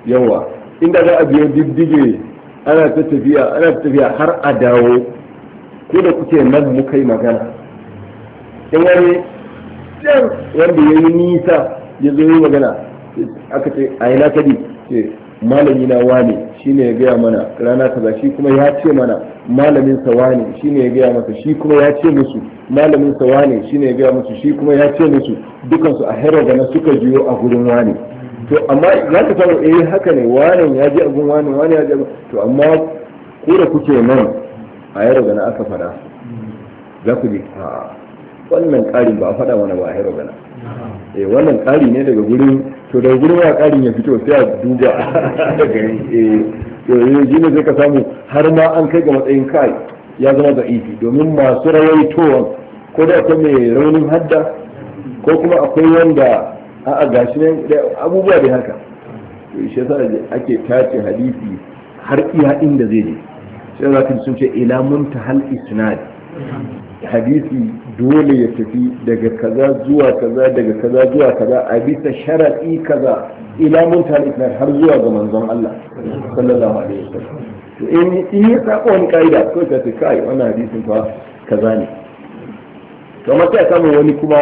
yawa inda za a biyo diddige ana ta tafiya ana ta tafiya har a dawo ko da kuke nan muka yi magana in wani can wanda ya yi nisa ya zo yi magana aka ce a ina kadi ce malami na wane ne ya gaya mana rana kaza shi kuma ya ce mana malamin sa wane ne ya gaya masa shi kuma ya ce musu malamin sa wane ne ya gaya musu shi kuma ya ce musu dukan su a hera gana suka jiyo a gurin wane to amma za ka samu eh haka ne wane ya ji a gurin wane wane ya ji to amma ko da kuke nan a hera gana aka fada za ku ji wannan ƙarin ba a faɗa mana ba a hera gana eh wannan ƙari ne daga gurin to daga gurin a ƙarin ya fito sai a duba da eh, gari ne sai ka samu har ma an kai ga matsayin kai ya zama da ifi domin masu rawaitowa ko da akwai mai raunin hadda ko kuma akwai wanda a gashi ne abubuwa da haka to shi yasa ake tace hadisi har iya inda zai je sai za ka sun ce ila muntahal isnad hadisi dole ya tafi daga kaza zuwa kaza daga kaza zuwa kaza a bisa shara'i kaza ila munta isnad har zuwa ga manzon Allah sallallahu alaihi wasallam to in ya sako wani kaida ko ta ce kai wannan hadisin fa kaza ne to amma ya samu wani kuma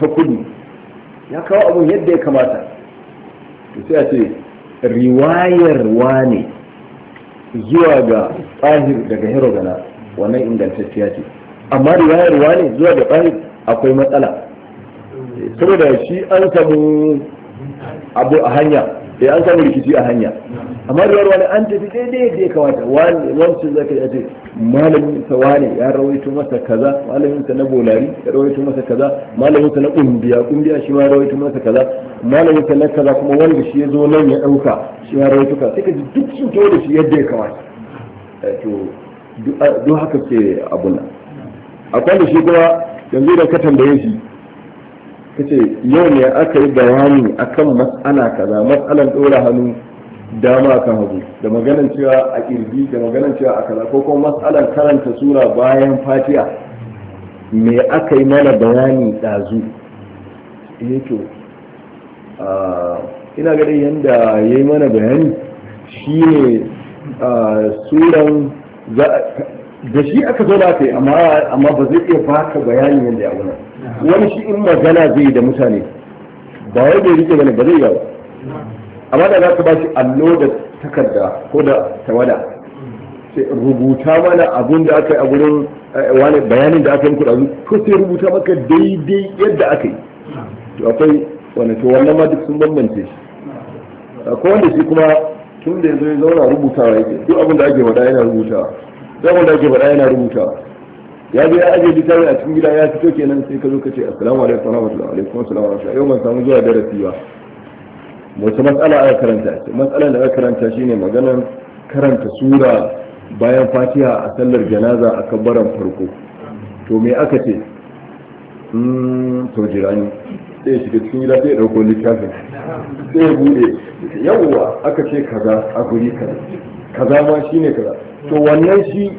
ta kudi ya kawo abun yadda ya kamata to sai a ce riwayar wane zuwa ga tsahir daga herogana wannan ingantacciya ce amma riwayarwa ne zuwa da ƙahir akwai matsala saboda shi an samu abu a hanya eh an samu rikici a hanya amma riwayarwa ne an tafi daidai da ya kamata wani zaka yi ce malamin sa wane ya rawaito masa kaza malamin sa na bolari ya rawaito masa kaza malamin sa na kumbiya kumbiya shi ma rawaito masa kaza malamin sa na kaza kuma wanda shi ya zo nan ya dauka shi ma rawaito ka sai ka ji duk sun da shi yadda ya kamata eh, to duk haka ke abun nan A da shi kuma yanzu da katan da shi ka ce yau ne aka yi bayani akan mas'ala kaza mas'alan ɗora hannu dama kan hagu da maganan cewa a ƙirgi da maganan cewa a kaza ko kuma mas'alan karanta sura bayan fatiha me aka yi mana bayani ɗazu eh to ina ga yadda ya yi mana bayani shi ne suran da shi aka zo aka yi amma ba zai iya baka bayanin yadda ya wuna wani shi in magana zai yi da mutane ba wai bai rike gani ba zai yawa amma da za ka ba shi allo da takarda ko da tawada sai rubuta mana abun da aka yi a gurin eh, bayanin da aka yi kudazu ko sai rubuta maka daidai yadda aka yi to akwai wani to wannan ma duk sun bambance shi ko wanda shi kuma tun da ya zo ya zauna rubutawa yake duk abin da ake wada yana rubutawa zaman da ake faɗa yana rubutawa ya je ya ajiye littafin a cikin gida ya fito kenan sai ka zo ka ce assalamu alaikum wa rahmatullahi wa barakatuh yau ban samu zuwa darasi ba wata matsala aka karanta ce matsalar da aka karanta shine maganar karanta sura bayan fatiha a sallar janaza a kabbaran farko to me aka ce hmm, to jirani sai shiga cikin gida sai ya ɗauko littafin sai bude buɗe yawwa aka ce kaza a guri kaza kaza ma ne kaza to wannan shi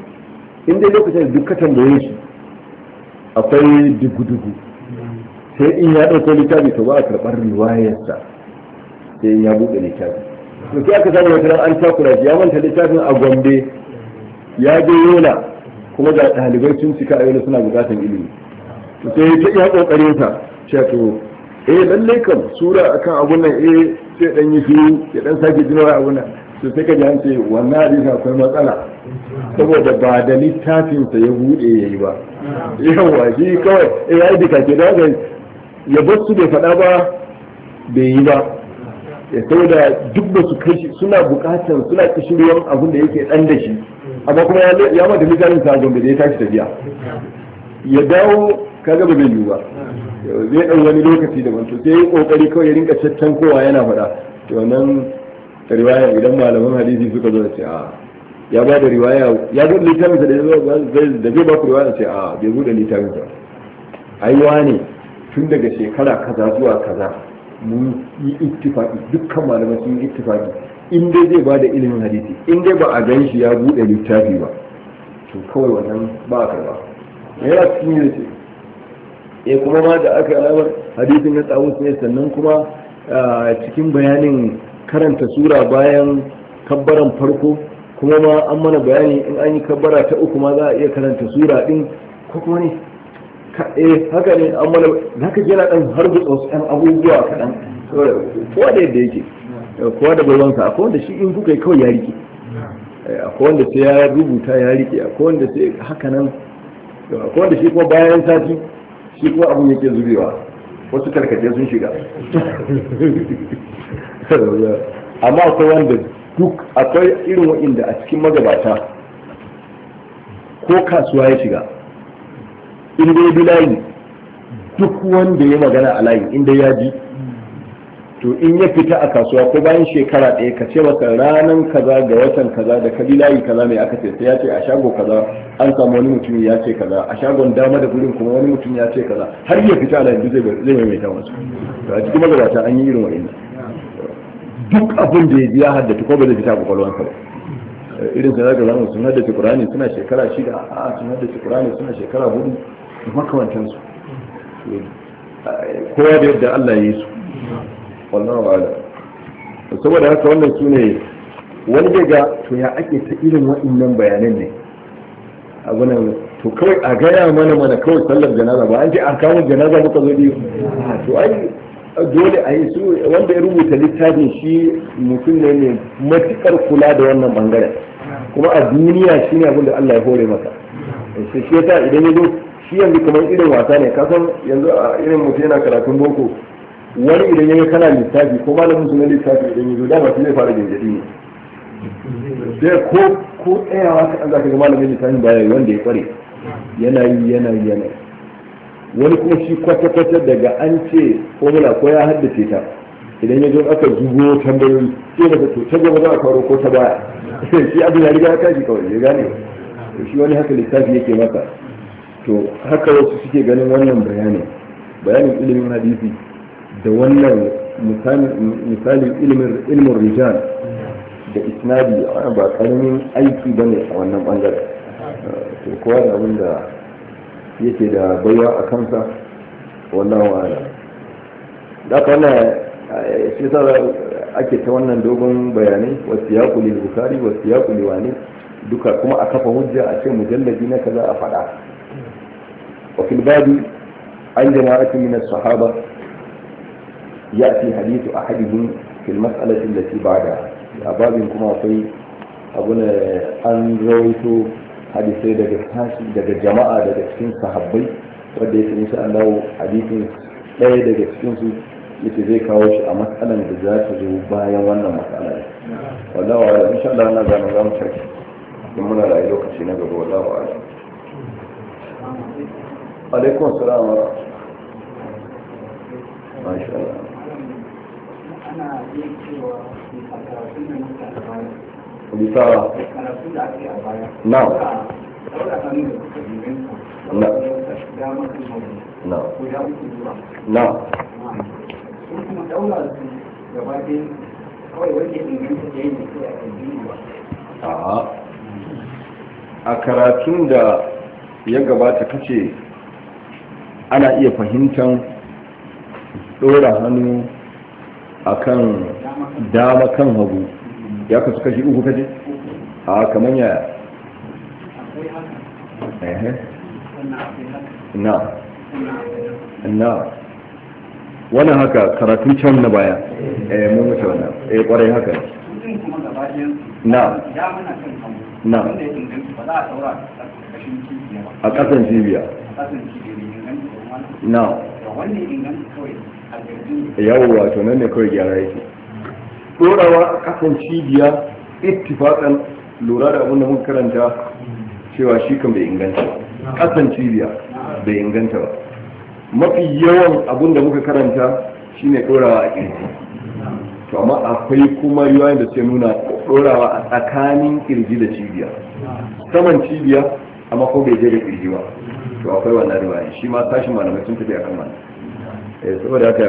inda lokacin duk ka tambaye shi akwai dugu-dugu sai in ya ɗauko littafi to ba a karɓar riwayarsa sai in ya buɗe littafi to sai aka samu wata an takura ya manta littafin a gombe ya je yola kuma da ɗalibai sun cika a yola suna buƙatar ilimi to sai ya iya ƙoƙarin sa ce to eh lallai kam sura akan abun nan eh sai dan yi su ya dan sake jinawa abun nan su sai ka ji an ce wannan hadisi akwai matsala saboda ba da littafinsa ya bude ya yi ba yawa shi kawai eh ya yi ke da ga ya bar su bai faɗa ba bai yi ba ya eh, saboda duk da su kai suna bukatar suna ruwan abin da yake ɗan da shi amma kuma ya mata misalin sa gombe da ya tashi tafiya ya dawo kaga ba bai yi ba zai dan wani lokaci daban mutum sai ya kokari kawai ya rinka caccan kowa yana faɗa to nan riwaya idan malaman hadisi suka zo da ce a ya ba da riwaya ya bude littafinsa da ya da zai ba ku riwaya ce a bai bude littafin ba ai ne tun daga shekara kaza zuwa kaza mun yi ittifaqi dukkan malaman sun yi ittifaqi in dai zai ba da ilimin hadisi in dai ba a gan shi ya bude littafi ba to kawai wannan ba a karba yana cikin yi ce e kuma ma da aka yi alamar hadisin na tsawon sai sannan kuma ah, cikin bayanin karanta sura bayan kabbaran farko kuma ma an mana bayani in an yi kabbara ta uku ma za a iya karanta sura din ko kuma ne eh haka ne an mana za ka jira dan har da wasu ɗan abubuwa kaɗan kowa da yadda yake kowa da babansa akwai wanda shi in kuka yi kawai ya rike eh, akwai wanda sai ya rubuta ya rike akwai wanda sai haka nan akwai wanda shi kuma bayan sati shi kuma abun yake zubewa wasu karkace sun shiga amma akwai wanda duk akwai irin wa'inda a cikin magabata ko kasuwa ya shiga inda ya bi layi duk wanda ya magana a layi inda ya bi to in ya fita a kasuwa ko bayan shekara ɗaya ka ce masa ranar kaza ga watan kaza da kabi layi kaza mai aka sai ya ce a shago kaza an samu wani mutum ya ce kaza a shagon dama da gurin kuma wani mutum ya ce kaza har ya fita a layi zai maimaita wasu to a cikin magabata an yi irin wa'inda duk abin da ya ji ya haddace ko ba zai fita kwakwalwansa ba irin da zaka zama sun haddace Kur'ani suna shekara shida a sun haddace Kur'ani suna shekara hudu da makamantansu kowa da yadda Allah ya yi su wallahu a'lam saboda haka wannan su ne wani daga to ya ake ta irin waɗannan bayanan ne abu nan to kawai a gaya mana mana kawai sallar janaza ba an ce an kawo janaza muka zo biyu to ai dole a yi su wanda ya rubuta littafin shi mutum ne mai matukar kula da wannan bangare. kuma a duniya shi ne abinda Allah ya hore maka shi shi ta idan ya zo shi yanzu kamar irin wasa ne kasan yanzu a irin mutum yana karatun boko wani idan ya ga kana littafi ko malamin su na littafi idan ya zo dama shi zai fara jirgin ne sai ko ko tsayawa ka an zaka ga malamin littafin baya wanda ya kware yana yi yana yi yana yi wani kuma shi kwata-kwata daga an ce formula ko ya haddace ta idan ya zo aka zugo tambayoyi sai da to ta gaba za a faro ko ta baya shi abu ya riga ya shi kawai ya gane shi wani haka littafi yake maka to haka wasu suke ganin wannan bayanin bayanin ilimin hadisi da wannan misalin ilimin rijal da isnadi ba karamin aiki bane a wannan bangare to kowa da abin da yake da baiwa a kansa wannan wa'ada da wannan shi sa ake ta wannan dogon bayanai wasu ya kuli bukari wasu ya kuli wani duka kuma a kafa hujja a ce mujallabi na kaza a faɗa wa fil babi an jama'atu min as-sahaba ya'ti a ahadihim fil mas'alati allati ba'da a babin kuma akwai abuna an rawaito hadisai daga tashi daga jama'a daga cikin sahabbai wanda ya insha Allah hadisi ɗaya daga cikin su yace zai kawo shi a matsalan da za ta zo bayan wannan matsalar wallahi wa insha Allah na zama za mu saki don muna da lokaci na gaba wallahi wa alaikum assalam wa rahmatullahi
wa barakatuh
ana yin cewa a karatun da mutane a'a
a karatun da ya gabata kace ana iya fahimtar ɗora hannu akan dama kan hagu ya kasu kashi uku kaji a kamar ya na na wannan haka karatun can na baya eh mun wuce wannan eh kwarai haka
na na a kasan cibiya na
yawwa to nan ne kawai gyara yake dorawa a kasan cibiya ittifakan lura da abin da mun karanta cewa shi kan bai inganta kasan cibiya bai inganta ba mafi yawan abin da muka karanta shine dorawa a kirji to amma akwai kuma yawan da ce nuna dorawa a tsakanin kirji da cibiya saman cibiya amma ko bai je da kirji ba to akwai wannan riwaya shi ma tashin malamai sun tafi kan wannan eh, saboda haka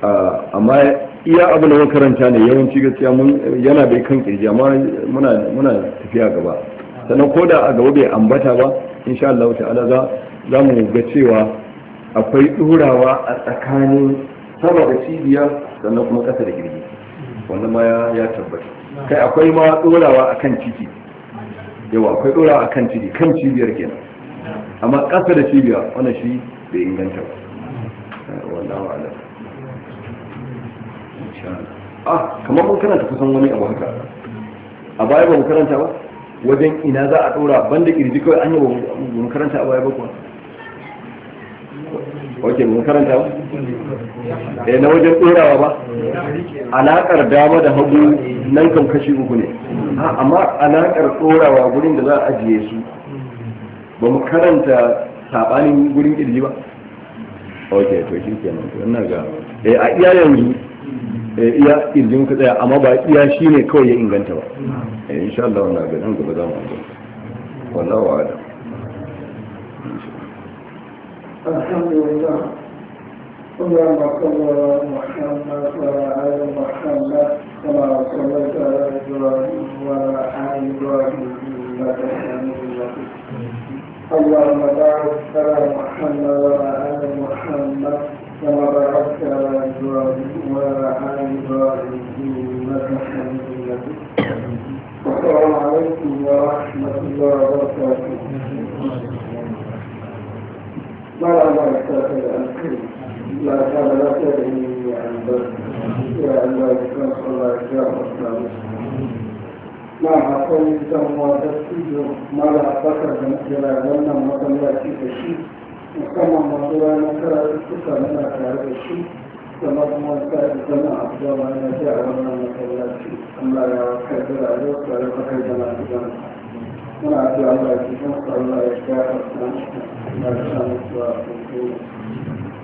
ah, amma iya abu da makaranta ne yawanci gaskiya mun yana bai kan kirji amma muna muna tafiya gaba sannan ko da a gaba bai ambata ba insha Allah ta'ala za za mu ga cewa akwai durawa a tsakanin sama da cibiya sannan kuma ƙasa da girgi wannan ma ya tabbata kai akwai ma durawa a kan ciki yawa akwai durawa a kan ciki kan cibiyar kenan amma ƙasa da cibiya wannan shi bai inganta ba wallahu a'lam A ah, kamar mun karanta kusan wani abu haka a baya ba mu karanta ba wajen ina za a ɗora da kirji kawai an yi ba mu karanta a baya ba kuwa ok mun karanta ba
eh na wajen ɗorawa ba alaƙar dama da
hagu nan kan kashi uku ne amma alaƙar ɗorawa gurin da za a ajiye su ba mu karanta saɓanin gurin kirji ba ok to shi kenan ina ga eh a iya yanzu iya izin ka tsaya amma ba iya shi ne kawai ya inganta ba insha Allah wannan ga nan gaba za mu zo wa a'lam
alhamdulillah اللهم صل على محمد وعلى ال محمد كما بارك على محمد وعلى محمد كما باركت على إبراهيم وعلى آل إبراهيم إنك حميد مجيد السلام عليكم ورحمة الله وبركاته مرحبا بك الكريم لا كان لا تدعي عن ذلك يا الله كان الله يجعل ما حصل تم وتسجيل ما لا أفكر من خلال لنا وتم يأتي musamman masu ranar tara suka nuna tare da shi kuma kuma sa zama a zama na ji a wannan masallaci Allah ya karbi da yau tare da kai da lafiyan muna ji Allah ya ji kan Allah ya ga wannan da san su a cikin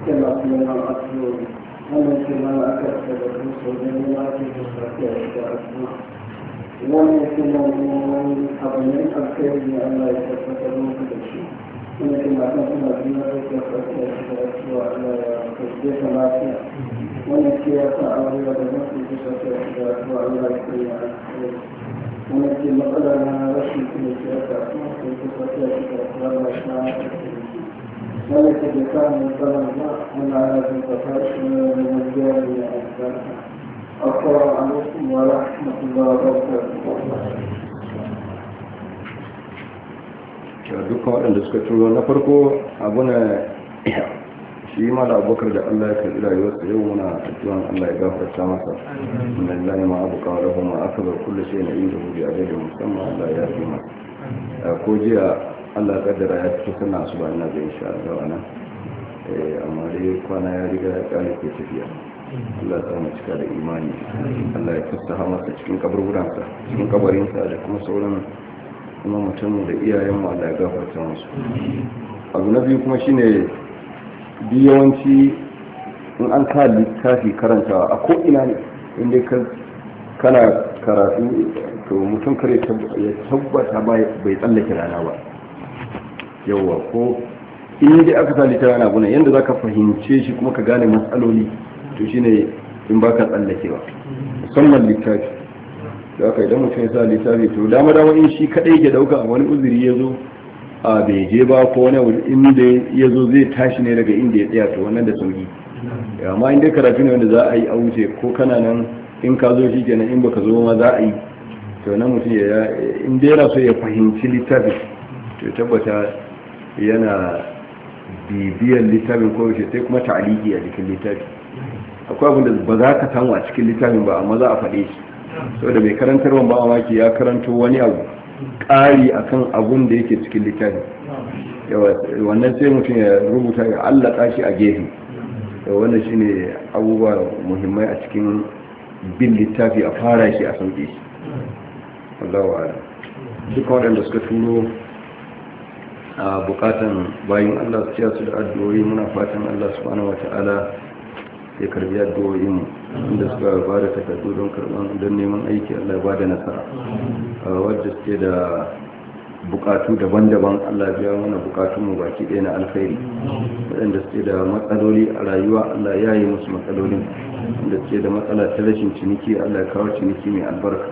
kina kuma na asiyo wannan ke mana aka da su so ne mu ma ji da sakiya da asiyo wannan ke mana wani abu ne da Allah ya tabbata da shi suna yin matan suna juna da ke farce da cewa Allah ya kashe ta lafiya wannan ke ya sa a wani da mafi kusa ta da cewa Allah ya kai ya wannan ke matsala na rashin kuma ke ya sa kuma ke kusa ta da cewa Allah ya kai wannan ke da samun matsala na Allah ya kai ta farce na neman gyara ya albarka. السلام عليكم ورحمة الله وبركاته
cewa dukkan waɗanda suka turo na farko abu na shi ma da abokan da Allah ya karɓi rayuwarsa yau muna addu'an Allah ya gafarta masa inna lillahi ma abu kawo da kuma aka bar kulle shi na inda hudu a gaje musamman Allah ya fi masa ko jiya Allah ya kaddara ya fito sana su ba ina ga insha Allah eh, amma dai kwana ya riga ya kare ke tafiya Allah ta mu cika da imani Allah ya fasaha masa cikin kaburburansa cikin kabarinsa da kuma sauran kuma mutum da iyayenmu Allah ya gafarta musu abu na biyu kuma shine bi yawanci in an ka littafi karantawa a ko ina ne inda ka kana karatu to mutum kare ya tabbata bai tsallake rana ba yawa ko in dai aka sa littafi rana ne yadda ka fahimce shi kuma ka gane matsaloli to shine in baka tsallakewa musamman littafi da aka idan mutum ya sa littafi to dama dama in shi kadai ke dauka a wani uzuri ya zo a bai je ba ko wani inda ya zo zai tashi ne daga inda ya tsaya to wannan da sauki amma in dai karatu ne wanda za a yi a wuce ko kana nan in ka zo shi kenan in baka zo ma za a yi to nan mutum ya in dai yana so ya fahimci littafin to tabbata yana bibiyar littafin ko yaushe sai kuma ta'aliki a cikin littafi akwai abin da ba za ka samu a cikin littafin ba amma za a faɗe shi da mai karantar ba maki ya karanto wani abu ƙari akan abun da yake cikin littafi wannan sai mutum ya rubuta ya allaka shi a gefe wannan shi ne abubuwa muhimmai a cikin bin littafi a fara shi a sauƙi shi Duk waɗanda suka turo a bukatan bayan allah su ciya su da addu'o'i muna fatan allah subhanahu wa ta'ala ya karbi addu'o'inmu inda suka ba da takardu don karban don neman aiki Allah ba da nasara wajen suke da bukatu daban-daban Allah biya mana bukatun mu baki ɗaya na alkhairi waɗanda suke da matsaloli a rayuwa Allah ya yi musu matsalolin da suke da matsala ta rashin ciniki Allah ya kawo ciniki mai albarka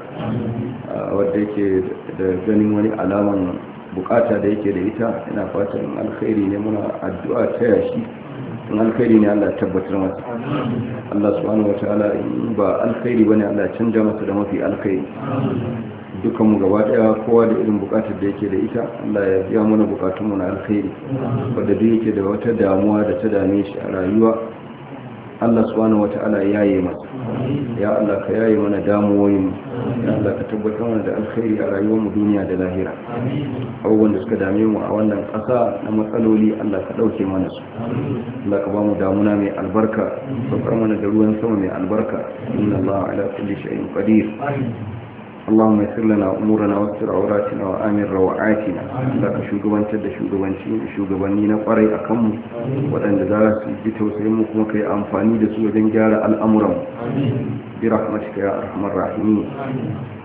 wadda yake da ganin wani alaman bukata da yake da ita yana fatan alkhairi ne muna addu'a ta yashi in alkhairi ne Allah tabbatar masa Allah subhanahu wataala in ba alkhairi bane Allah canja masa da mafi alkhairi dukan mu gaba daya kowa da irin bukatar da yake da ita Allah ya biya mana bukatun mu na alkhairi wanda duk yake da wata damuwa da ta dame shi a rayuwa Allah subhanahu wataala ya yi masa ya Allah ka yaye mana damuwoyin mu Allah ka tabbatar mana da alkhairi a rayuwar mu duniya da lahira abubuwan da suka dame mu a wannan ƙasa na matsaloli Allah ka ɗauke mana su Allah ka ba mu damuna mai albarka saukar mana da ruwan sama mai albarka inna Allah ala kulli shay'in qadir اللهم يسر لنا امورنا a عوراتنا وامن روعاتنا da ka shugabantar da shugabanci shugabanni na kwarai a kanmu waɗanda za su ji tausayin mu kuma ka yi amfani da su wajen gyara al'amuran bi rahmatika ya arhamar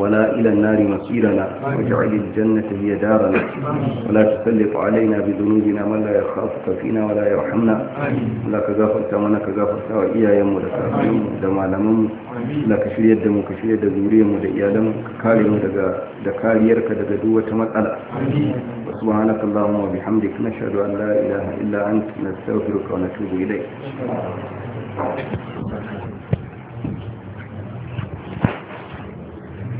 ولا إلى النار مصيرنا واجعل الجنة هي دارنا ولا تسلط علينا بذنوبنا من لا يخافك فينا ولا يرحمنا لا كغافرت ومن كغافرت وإيا يمو لكافرين دما لمم لا كشري يدمو كشري يد ذوريمو لإيالم كاليمو دكاليرك دقدوة مسألة سبحانك اللهم وبحمدك نشهد أن لا إله إلا أنت نستغفرك ونتوب
إليك